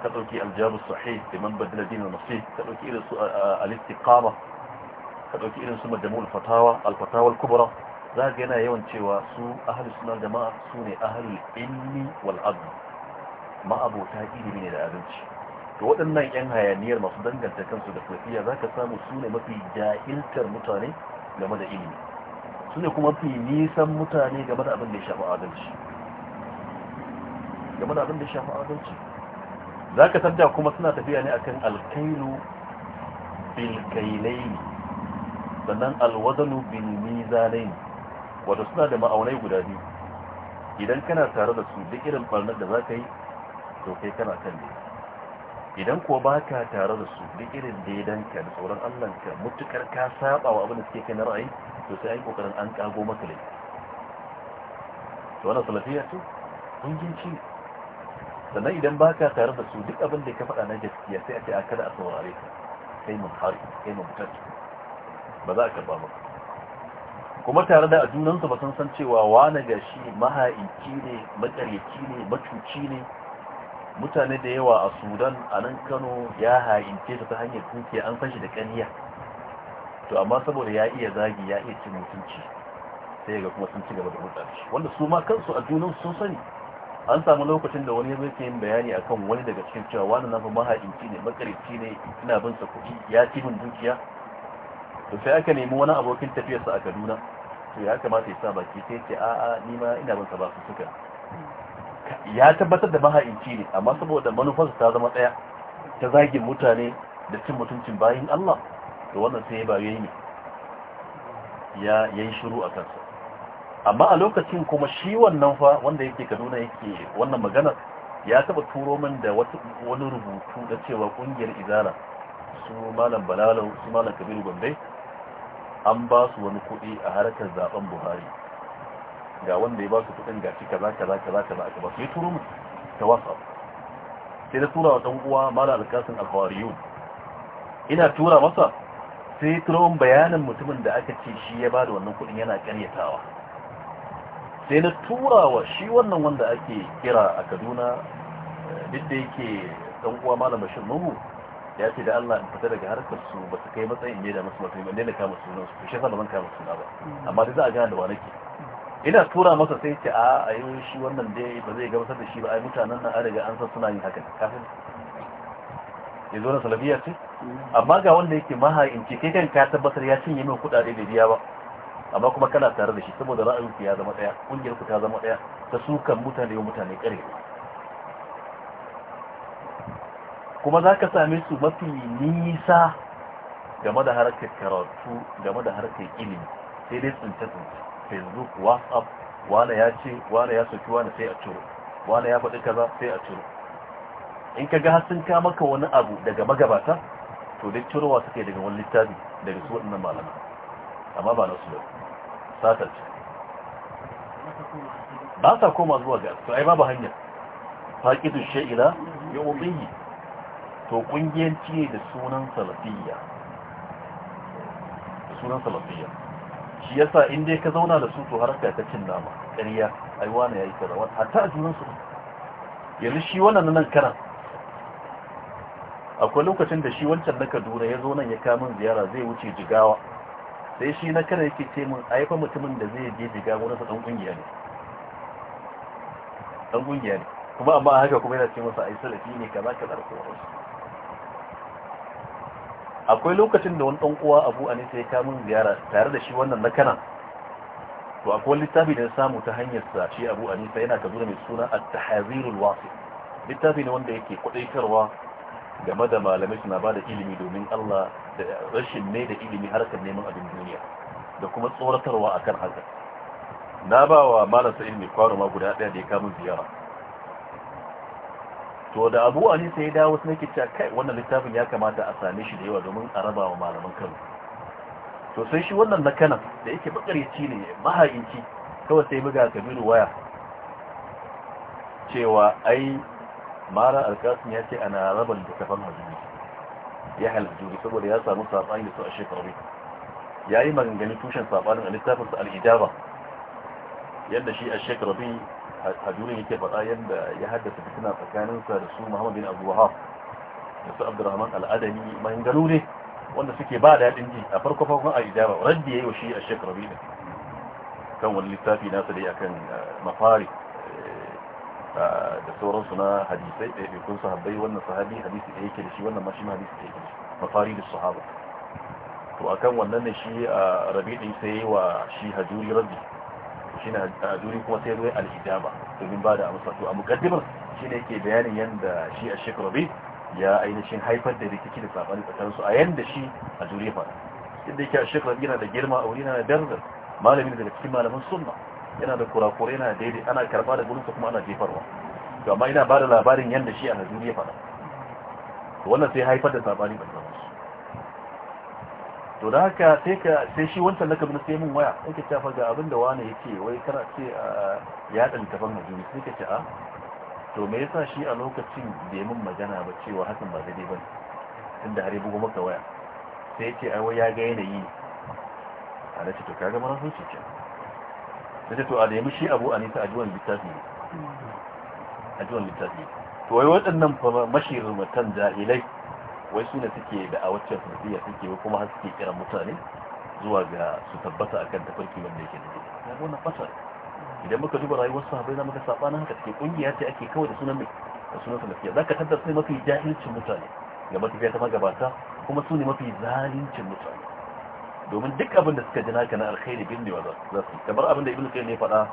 Speaker 1: ka dauki al-jawab sahih liman badala din al-nasih ka dauki irin su al-istiqama ka dauki irin su majmu'ul fatawa al-fatawa al-kubra zaka yana yawan cewa su ahli sunan jama'a su ne ahli ilmi wal adl ma abota ilimi ne da adalci to waɗannan 'yan hayaniyar masu danganta kansu da fasiya za ka samu su ne mafi jahiltar mutane game da ilimi su ne kuma fi nisan mutane game da abin da ya shafi adalci game da abin da ya shafi adalci za ka tabda kuma suna tafiya ne akan alkailu bilkailaini sannan alwazanu bilmizanaini wato suna da ma'aunai guda biyu idan kana tare da su duk irin ɓarnar da za ka yi to kai kana kan ne idan ko ba ka tare da su duk irin daidanka da tsoron allanka mutukar ka saba wa abin da suke kai na ra'ayi to sai ai kokarin an kago maka laifi to wannan salafiya ce kunginci sannan idan ba ka tare da su duk abin da ka faɗa na gaskiya sai a ce a kada a saurare ka kai mun hari kai mun mutar ba za a karba ba kuma tare da adunansu ba san san cewa wane gashi mahaici ne makaryaci ne macuci ne mutane da yawa a sudan a nan kano ya haince ta ta hanyar kuke an fashi da kaniya to amma saboda ya iya zagi ya iya cin mutunci sai ga kuma sun ci gaba da mutane wanda su ma kansu a junan sun sani an samu lokacin da wani zai yin bayani akan wani daga cikin cewa wani na fama haɗinci ne makarici ne ina bin sa kuɗi ya ci min dukiya to sai aka nemi wani abokin tafiyarsa a kaduna to ya kamata ya sa baki sai ce a'a ni ma ina bin sa ba su suka ya tabbatar da maha'inci ne amma saboda manufarsa ta zama tsaya ta zagin mutane da cin mutuncin bayan Allah da wannan sai ya bayo ne ya yi shiru a kansa amma a lokacin kuma shi wannan fa wanda yake kaduna yake wannan magana ya taba turo min da wani rubutu da cewa kungiyar izara su malam balalau su malam kabiru gombe an ba su wani kuɗi a harkar zaben buhari ga wanda ya ba su kudin ga za kaza kaza kaza kaza ka ba su ya turo musu ta whatsapp sai na tura wata uwa mara alkasin Alkawariyu. ina tura masa sai turo bayanin mutumin da aka ce shi ya ba da wannan kudin yana karyatawa sai na tura wa shi wannan wanda ake kira a kaduna eh, duk da yake dan uwa malam bashir nuhu ya ce da Allah in fita daga harkar su ba su kai matsayin ne da masu matsayi ba ne na kama sunan su shi sa ba zan kama suna ba hmm. amma duk za a gana da wa nake ina tura masa sai ce a a yi shi wannan dai ba zai gamsar da shi ba ai mutanen nan an riga an san suna yin haka kafin ya zo na salafiya ce amma ga wanda yake maha maha'inci kai kan ka tabbatar ya cinye min kuɗaɗe da biya ba amma kuma kana tare da shi saboda ra'ayin ku ya zama ɗaya ƙungiyar ku ta zama ɗaya ta sukan mutane mutane ƙare kuma za ka same su mafi nisa game da harkar karatu game da harkar ilimi sai dai tsince facebook whatsapp wane ya ce wane ya sauki wane sai a ciro wane ya faɗi kaza sai a ciro in ka ga har sun ka maka wani abu daga magabata to duk cirowa suke daga wani littafi daga su waɗannan malama amma ba na su da satar ce ba sa koma zuwa ga to ai ba ba hanyar faƙidu sha'ila ya ubiyi to ƙungiyanci da sunan salafiyya da sunan salafiyya shi yasa in dai ka zauna da su to har ka cin nama ƙarya ai wani yayi kaza wani hatta a junan su yanzu shi wannan nan karan akwai lokacin da shi wancan na Kaduna ya zo nan ya kamun ziyara zai wuce Jigawa sai shi na kana yake ce mun ai fa mutumin da zai je Jigawa wani dan kungiya ne dan kungiya ne kuma amma haka kuma yana ce masa ai salafi ne kaza kaza da sauransu akwai lokacin da wani dan uwa abu a nisa ya kamun ziyara tare da shi wannan na kana to akwai littafi da ya samu ta hanyarsa sa shi abu a nisa yana kaduna mai suna at-tahazirul littafi ne wanda yake kwadaitarwa game da malamai suna ba da ilimi domin Allah da rashin ne da ilimi harkar neman abin duniya da kuma tsoratarwa akan haka na ba wa malam sa'id kwaruma ma guda ɗaya da ya kamun ziyara to da abu ali sai ya dawo sai nake cewa kai wannan littafin ya kamata a same shi da yawa domin a raba wa malaman Kano to sai shi wannan na Kano da yake bakarici ne mahayinci kawai sai buga Kabiru waya cewa ai mara alkasim ya ce ana raba littafin hajji ya haljuri saboda ya samu sabani da su a shekaru ya yi maganganin tushen saɓanin a littafinsa al'ijaba yadda shi a shekaru hajjuri yake faɗa yadda ya haddasa fitina tsakaninsa da su muhammad bin abu wahab da su abdurrahman al'adami mahinganu ne wanda suke ba daɗin ji a farko farkon a ijaba raddi ya yi wa shi a shekaru rabi kan wani littafi nasa dai akan eh, mafari eh, da sauransu na hadisai da ya kun sahabbai wannan sahabi hadisi da yake da shi wannan mashi hadisi da yake da shi mafari da sahaba to akan wannan ne shi a rabi ɗin sai wa shi hajuri raddi shi na duri kuma sai ruwai al'ijaba domin ba da amsa to a mukaddimar shi ne ke bayanin yadda shi a shekaru bi ya ainihin haifar da rikici da sabani tsakaninsu a yadda shi a duri fara inda yake a shekaru bi yana da girma a wuri na da darajar malamin daga cikin malamin sunna yana da kurakure yana daidai ana karba da gurinsa kuma ana jefarwa to amma ina ba da labarin yadda shi a duri fara wannan sai haifar da sabani tsakaninsu to da haka sai ka sai shi wancan lakabi bin sai mun waya ka tafa ga abin da wani yake wai kana ce ya dan tafan hadisi sai ka ce a to me yasa shi a lokacin bai mun magana ba cewa hakan ba daidai ba tunda har bugu maka waya sai ce ai wai ya ga yanayi a nace to kaga mana sun ce sai to a da shi abu anisa a juwan littafi a juwan littafi to wai waɗannan fa mashirmatan jahilai wai su ne suke da a waccan tafiya suke kuma har suke kiran mutane zuwa ga su tabbata akan tafarki wanda yake da ya wannan fasar idan muka duba rayuwar sahabbai muka saba sabanin haka take kungiya ce ake kawai da sunan mai da sunan salafiya zaka tada sai mafi jahilcin mutane ga matafiya ta magabata kuma su ne mafi zalincin mutane domin duk abin da suka jina kana na alkhairi bin da za su kamar abin da ibnu kayyim ya faɗa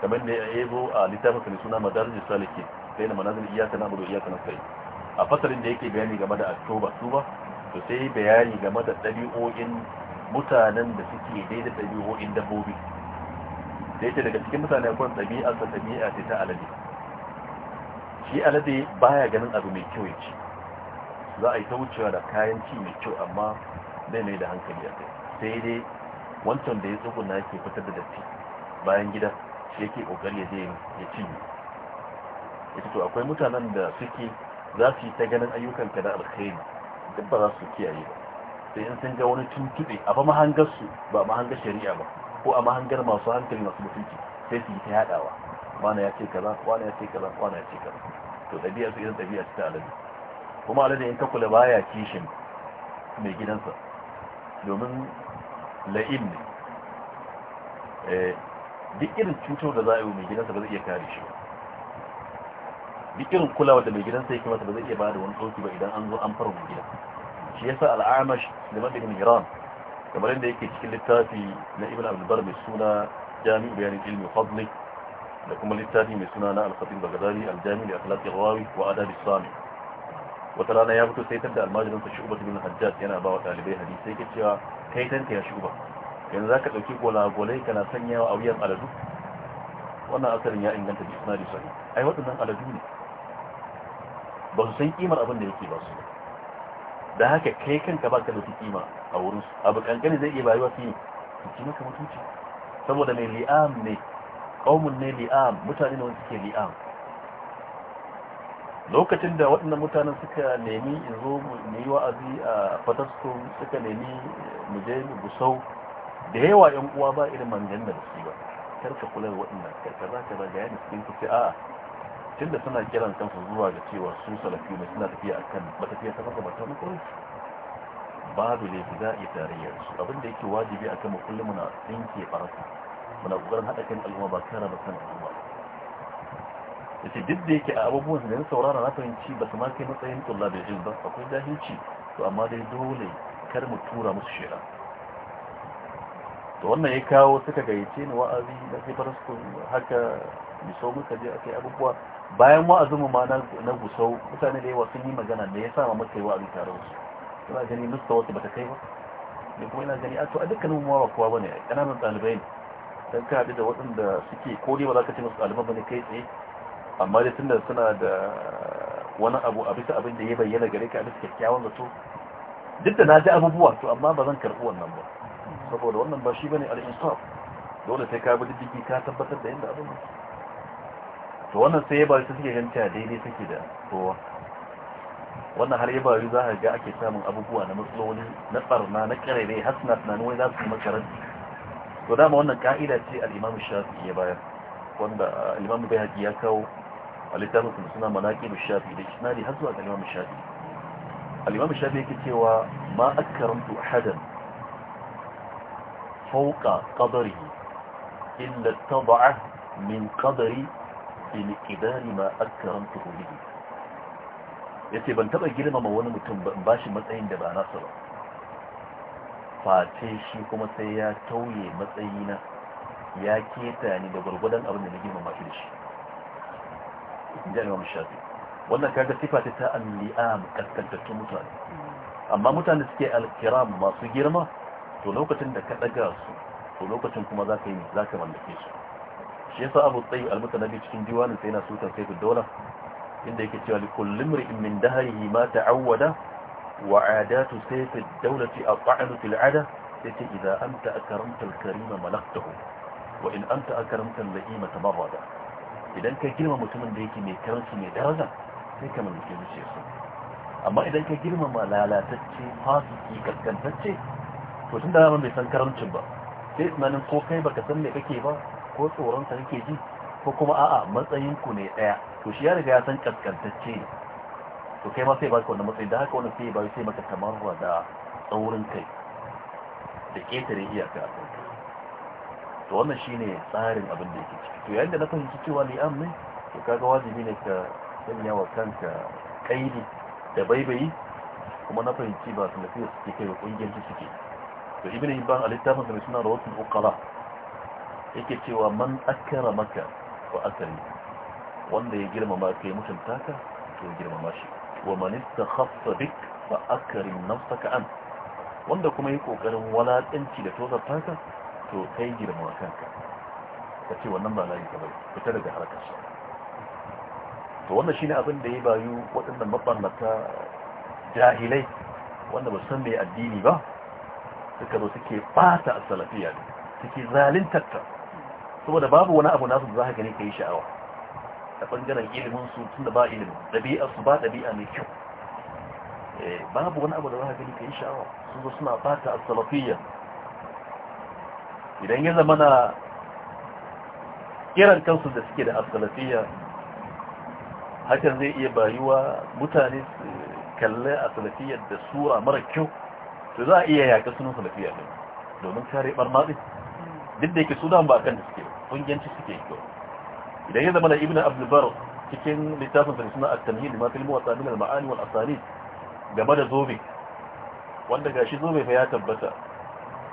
Speaker 1: kamar ne ya zo a littafin sa suna madarij salikin bayna manazil iyyaka na'budu wa iyyaka nasta'in a fasalin da yake bayani game da Oktoba su ba to sai bayani game da ɗabi'o'in mutanen da suke daidai ɗabi'o'in dabbobi da yake daga cikin mutane akwai ɗabi'arsa ɗabi'a ce ta alade shi alade baya ganin abu mai kyau yake za a yi ta wucewa da kayan ci mai kyau amma zai mai da hankali a kai sai dai wancan da ya tsuguna yake fitar da datti bayan gida shi yake kokari ya je ya cinye ita to akwai mutanen da suke za su yi ta ganin ayyukanka na alkhairi duk ba za su kiyaye ba sai in sun ga wani tuntuɓe a ba mahangarsu ba mahangar shari'a ba ko a mahangar masu hankali masu mutunci sai su yi ta yaɗawa wani ya ce kaza wani ya ce kaza wani ya ce kaza to ɗabi'a su irin ɗabi'a ce ta alade kuma alade in ka kula baya kishin mai gidansa domin la'in ne eh, duk irin cutar da za a yi mai gidansa ba zai iya kare shi ba duk irin kulawa da mai gidansa yake masa ba zai iya ba da wani sauki ba idan an zo an fara gida shi yasa al'amash da madadin iran kamar yadda yake cikin littafi na ibn abdulbar mai suna jami'u bayanin ilmi fadli da kuma littafi mai suna na al-khatib bagdadi al-jami' li akhlaqi rawi wa adab as-sami wata rana ya fito sai tadda almajirin sa shu'bah ibn hajjaj yana ba wa talibai hadisi sai yake cewa kai tanta ya shuba yanzu zaka dauki gola golagolai kana sanya wa auyan aladu wannan asalin ya inganta bi isnadi sai ai wadannan aladu ne ba su san kimar abin da yake ba su da haka kai kanka ba ka da kima a wurin su abu kankani zai iya bayuwa wasu yi su ci maka mutunci saboda mai li'am ne ƙaumun ne li'am mutane ne wanda suke li'am lokacin da waɗannan mutanen suka nemi in zo mu yi wa'azi a fataskun suka nemi eh, mu je mu gusau da yawa yan uwa ba irin mangan da su ba karka kula da waɗannan karka za ka ba zaga yana cikin kuce a'a tunda suna kiran kansu zuwa ga cewa su salafi ne suna tafiya akan matafiya ta fasa mata makon babu ne za a tarayyar su abinda da yake wajibi akan mu kullum muna tsinke farasa muna kokarin haɗa kan al'umma ba kana ba kan al'umma yace duk da yake a abubuwan da ya saurara na fahimci ba su ma kai matsayin kulla da ilmi ba akwai jahilci to amma dai dole kar mu tura musu shira to wannan ya kawo suka gayyace ni wa'azi na bar su haka so muka je aka yi abubuwa bayan wa'azin ma na guso mutane da yawa sun yi magana da ya sama muka yi wa'azi tare su. suna gani musta wasu bata kai ba ne kuma ina gani a to a dukkanin mu ba kowa bane kananan ɗalibai ne dan ka haɗu da waɗanda suke ko dai ba za ka ce musu ɗaliban bane kai tsaye amma dai tunda suna da wani abu a bisa abin da ya bayyana gare ka a bisa kyakkyawan zato duk da na ji abubuwa to amma ba zan karɓi wannan ba saboda wannan ba shi bane al-insaf dole sai ka bi diddigi ka tabbatar da yadda abin to wannan sai ya ba su suke ganta daidai take da kowa wannan har ya ba za a ga ake samun abubuwa na matsaloli na tsarna na kirere har suna tunanin wai za su yi makaranti to dama wannan ka'ida ce al-imam shafi ya bayar wanda al-imam bai haƙi ya kawo a littafin su suna manaƙi da shafi da shi har zuwa ga al-imam shafi al-imam shafi yake cewa ma akkarantu ahadan fauka ƙabari, illa tad'a min qadari bi miqdari ma akramtuhu yace ban taba girmama wani mutum ba in bashi matsayin da ba nasa ba face shi kuma sai ya tauye matsayina ya keta ni da gurgudan abin da na girmama shi da shi in ji shafi wannan kaga sifa ta ta al-li'am kaskantattun mutane amma mutane suke alkiram masu girma to lokacin da ka daga su to lokacin kuma za ka yi za ka mallake su shi yasa abu tsayi almutanabi cikin diwanin sai yana sukan sai dola inda yake cewa li kullum ri'in min dahrihi ma ta'awwada wa adatu sayf a dawlati at'anu fil 'ada yace idza anta akramta al-karima malaktahu wa in anta akramta al-la'ima tamarrada idan kai girma mutumin da yake mai karanci mai daraja sai ka mallake zuciyarsa amma idan ka girma lalatacce fasiki kaskantacce to tun da dama bai san karamcin ba sai tunanin ko kai baka san me kake ba ko tsoron ka kake ji ko kuma a'a matsayin ku ne daya to shi ya riga ya san kaskantacce to kai ma sai ba ka wannan matsayi da haka wannan sai ba sai maka tamarwa da tsaurin kai da ketare iyaka a kanka to wannan shine tsarin abin da yake ciki to yayin da na fahimci cewa li'am ne to kaga wajibi ne ka sanya wa kanka kaidi da baibayi kuma na fahimci ba su lafiya suke kai kungiyar su suke to ibn hibban a littafin da mai suna rawatul uqara yake cewa man akara maka wa akari wanda ya girmama kai mutunta ka to girmama shi wa man istakhaffa bik fa akrim nafsaka an wanda kuma yi kokarin walakanci da tozarta ka to kai girmama kanka ka ce wannan ba layi ka bai fita daga harkar sa to wannan shine abin da ya bayu waɗannan mabannata jahilai wanda ba san me addini ba suka zo suke bata a salafiya suke zalintarta saboda babu wani abu nasu za ka gani ka yi sha'awa a ɓangaren ilimin su tun da ba ilimin ɗabi'a su ba ɗabi'a mai kyau eh, babu wani abu da za ka gani ka yi sha'awa sun zo suna bata a salafiya idan ya zama na kiran kansu da suke da a salafiya hakan zai iya bayuwa mutane su kalle salafiyar da sura mara kyau to za a iya yaƙi sunan salafiya ne domin kare ɓar-matsi. duk da yake sunan ba kan da suke ƙungiyanci suke yi idan ya zama da ibn abdulbar cikin littafin sa suna a tamhid ma fil muwatta min al-ma'ani wal asali game da zobe wanda gashi zobe fa ya tabbata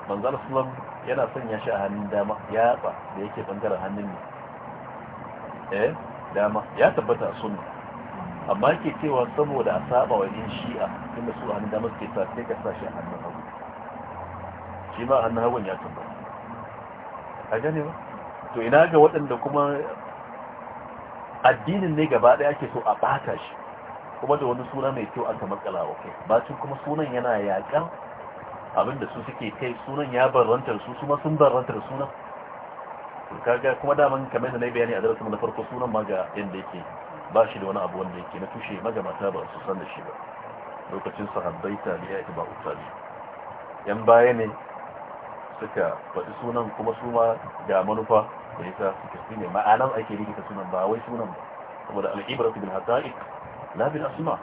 Speaker 1: Manzara sunan yana sanya shi a hannun dama tsa da yake bangaren hannun ne eh dama ya tabbata a sunan amma ke cewa saboda a saba wa yin shi'a inda su hannun damar ke sa sai ka sashi hannun hagu shi ma hannun hagun ya tumba a gane ba to ina ga waɗanda kuma addinin ne gaba ɗaya ake so a ɓata shi kuma da wani suna mai kyau ta matsala wa kai bacin kuma sunan yana yaƙan abinda su suke kai sunan ya barantar su su ma sun barantar sunan kaga kuma daman kamar da na bayani a darasin na farko sunan ma ga yadda yake ba shi da wani abu wanda yake na tushe magabata ba su san da shi ba lokacin sahabbai ya ita ba utabi yan baya ne suka faɗi sunan kuma su ma ga manufa da yasa suka su ne ma'anar ake rikita sunan ba wai sunan ba saboda su bil haqa'iq la bil asma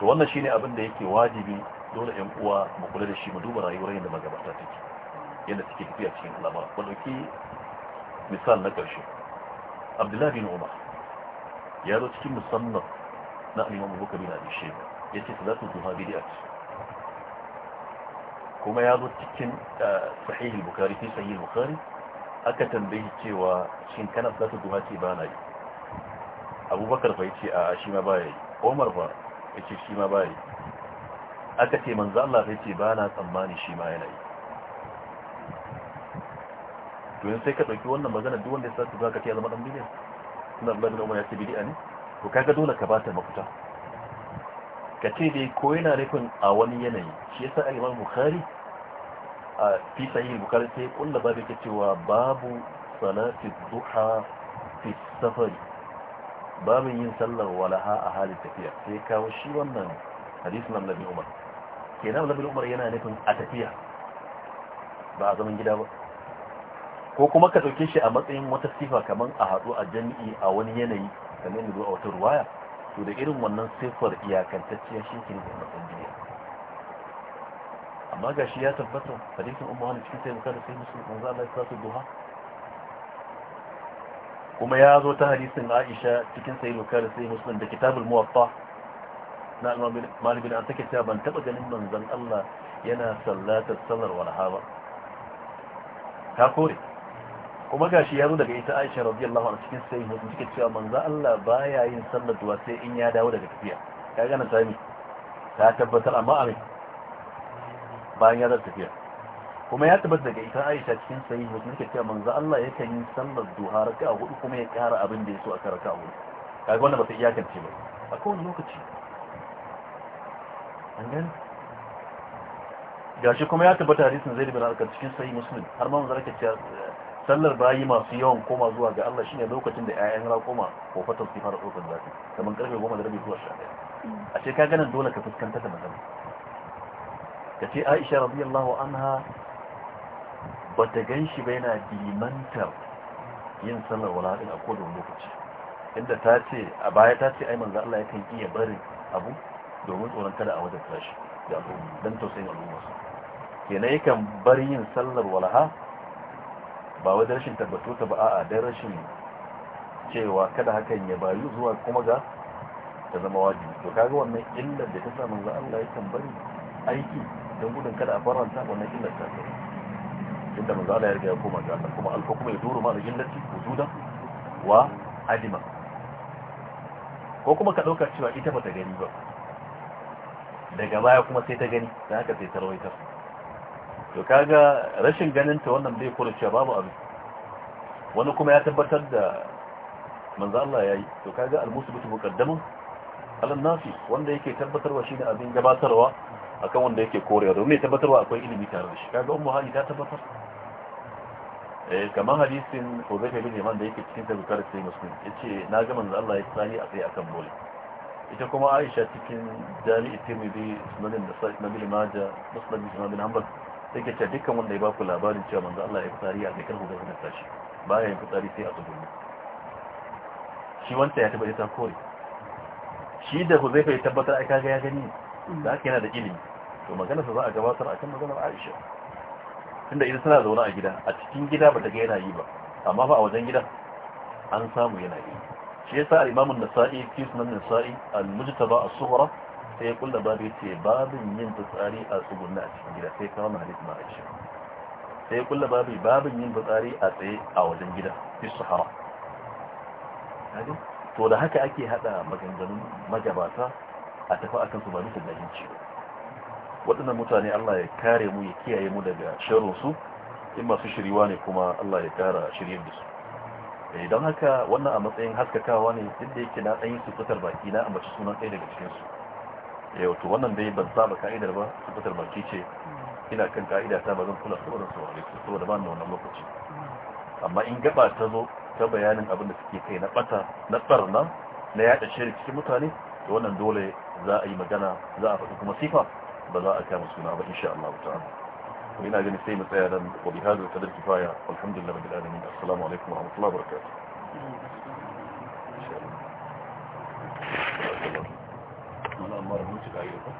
Speaker 1: to wannan shine abin da yake wajibi dole yan uwa mu kula da shi mu duba rayuwar yadda magabata take yadda take tafiya cikin al'amura ko dauki misal na karshe Abdullahi bin Umar ya zo cikin musamman na alimamu bukari na abishe ya ce za su salatu duha bidiyat kuma ya zo cikin eh, sahihul Bukhari fi sahihul Bukhari, aka tambayi cewa shin kana su duha ce ba na yi abubakar fa yace a shi ma ba yi umar fa yace shi ma ba yi aka ce manzo Allah yace ba na tsammani shi ma yana yi to sai ka dauki wannan magana duk wanda ya salatu duha ka ce ya zama dan bidiya suna Allah Umar ya ce bid'a ne to kaga dole ka bata mafuta. ka ce dai ko yana nufin a wani yanayi shi yasa al-Imam Bukhari a fi sahih Bukhari sai kulla babu yake cewa babu salati duha fi safari babin yin sallar walaha a halin tafiya sai kawo shi wannan hadisin Ibn Umar kenan Ibn Umar yana nufin a tafiya ba a zaman gida ba ko kuma ka ɗauke shi a matsayin wata sifa kamar a hadu a jami'i a wani yanayi kamar yanzu a wata ruwaya to da irin wannan sifar iyakantacciya shi ke da matsayin amma ga shi ya tabbata hadisin umma wani cikin sai bukata sai musu manzo Allah ya su duha kuma ya zo ta hadisin Aisha cikin sai bukata sai musu da kitabul muwatta na Malik bin take cewa ban taba ganin manzon Allah yana sallatar sallar walha ba ta kore kuma gashi ya zo daga ita Aisha radiyallahu anha cikin sai mu cikin cewa manzo Allah baya yin sallar duwa sai in ya dawo daga tafiya ka gana sami ta tabbatar amma amin bayan ya zata tafiya kuma ya tabbata daga ita Aisha cikin sai mu cikin cewa manzo Allah ya kan yi sallar duha raka'a hudu kuma ya kara abin da yaso a raka'a hudu kaga wannan ba sai ya kance ba a kowane lokaci an gani gashi kuma ya tabbata hadisin zaid bin al-Qad cikin sahih muslim har ma manzo zarka cewa sallar bayi masu yawan koma zuwa ga Allah shine lokacin da ƴaƴan raƙuma ko fatan su fara tsotsin zafi kamar karfe 10 da rabi zuwa 11 ce ka ganin dole ka fuskanta da magana ce Aisha radiyallahu anha bata ganshi ba yana dimantar yin sallar wala din a kodin lokaci inda ta ce a baya ta ce ai manzo Allah yakan iya barin abu domin tsoron kada a wajen tashi da abu dan tausayin al'umma kenan yakan bar yin sallar walaha ba wajen rashin tabbato ta ba a'a dan rashin cewa kada hakan ya bayu zuwa kuma ga ta zama wajibi to kaga wannan illar da ta samu za Allah ya tambari aiki don gudun kada a faranta wannan illar ta kai inda manzo Allah ya riga ya koma ga Allah kuma al-hukmu yaduru ma al-jannati wujudan wa adima ko kuma ka dauka cewa ita bata gani ba daga baya kuma sai ta gani Da haka sai ta to kaga rashin ganinta wannan bai kurce babu abu wani kuma ya tabbatar da manzo Allah yayi to kaga al-musbitu muqaddamun al-nafi wanda yake tabbatarwa shine abin gabatarwa akan wanda yake korewa domin tabbatarwa akwai ilimi tare da shi kaga ummu Haji ta tabbatar eh kamar hadisin Hudayfa bin Yaman da yake cikin tabbatar sai muslim yace na ga manzo Allah ya tsani a kai akan bole ita kuma Aisha cikin Jami'i Tirmidhi sunan Nasa'i Ibn Majah Muslim bin Hanbal sai ke ce dukkan wanda ya ba ku labarin cewa manzo Allah ya fitsari a cikin hukumar da tashi baya yin fitsari sai a tsuguni shi wanda ya tabbata ta kore shi da Huzaifa ya tabbatar ai kaga ya gani da haka yana da ilimi to magana sa za a gabatar akan maganar Aisha tunda idan suna zaune a gida a cikin gida ba ta ga yana yi ba amma ba a wajen gida an samu yana yi shi yasa al-Imam an-Nasa'i fi sunan an-Nasa'i al-Mujtaba as-Sughra sai ya kulla babu yace babin yin fitsari a tsugunna a cikin gida sai kawo hadisi na Aisha sai ya kulla babu babin yin fitsari a tsaye a wajen gida fi sahara to da haka ake hada maganganun magabata a tafi akan su ba bisa ci. waɗannan mutane Allah ya kare mu ya kiyaye mu daga sharrin su in masu shiriwa ne kuma Allah ya kara shiryar da su idan eh, haka wannan a matsayin haskakawa ne duk da yake na ɗanyi su fitar baki na a mace sunan ɗaya daga cikinsu yau eh, to wannan dai ban saba ka'idar ba tabbatar baki ce ina kan ka'ida ta ba zan kula saboda saurare saboda saboda ba wannan lokaci amma in gaba ta zo ta bayanin abin da suke kai na bata na tsarna na yada shirki cikin mutane to wannan dole za a yi magana za a faɗi kuma sifa ba za a kama suna ba insha Allah ta'ala to ina gani sai mu tsaya dan wa bihadul kifaya alhamdulillah rabbil alamin assalamu alaikum
Speaker 2: cika ayyuka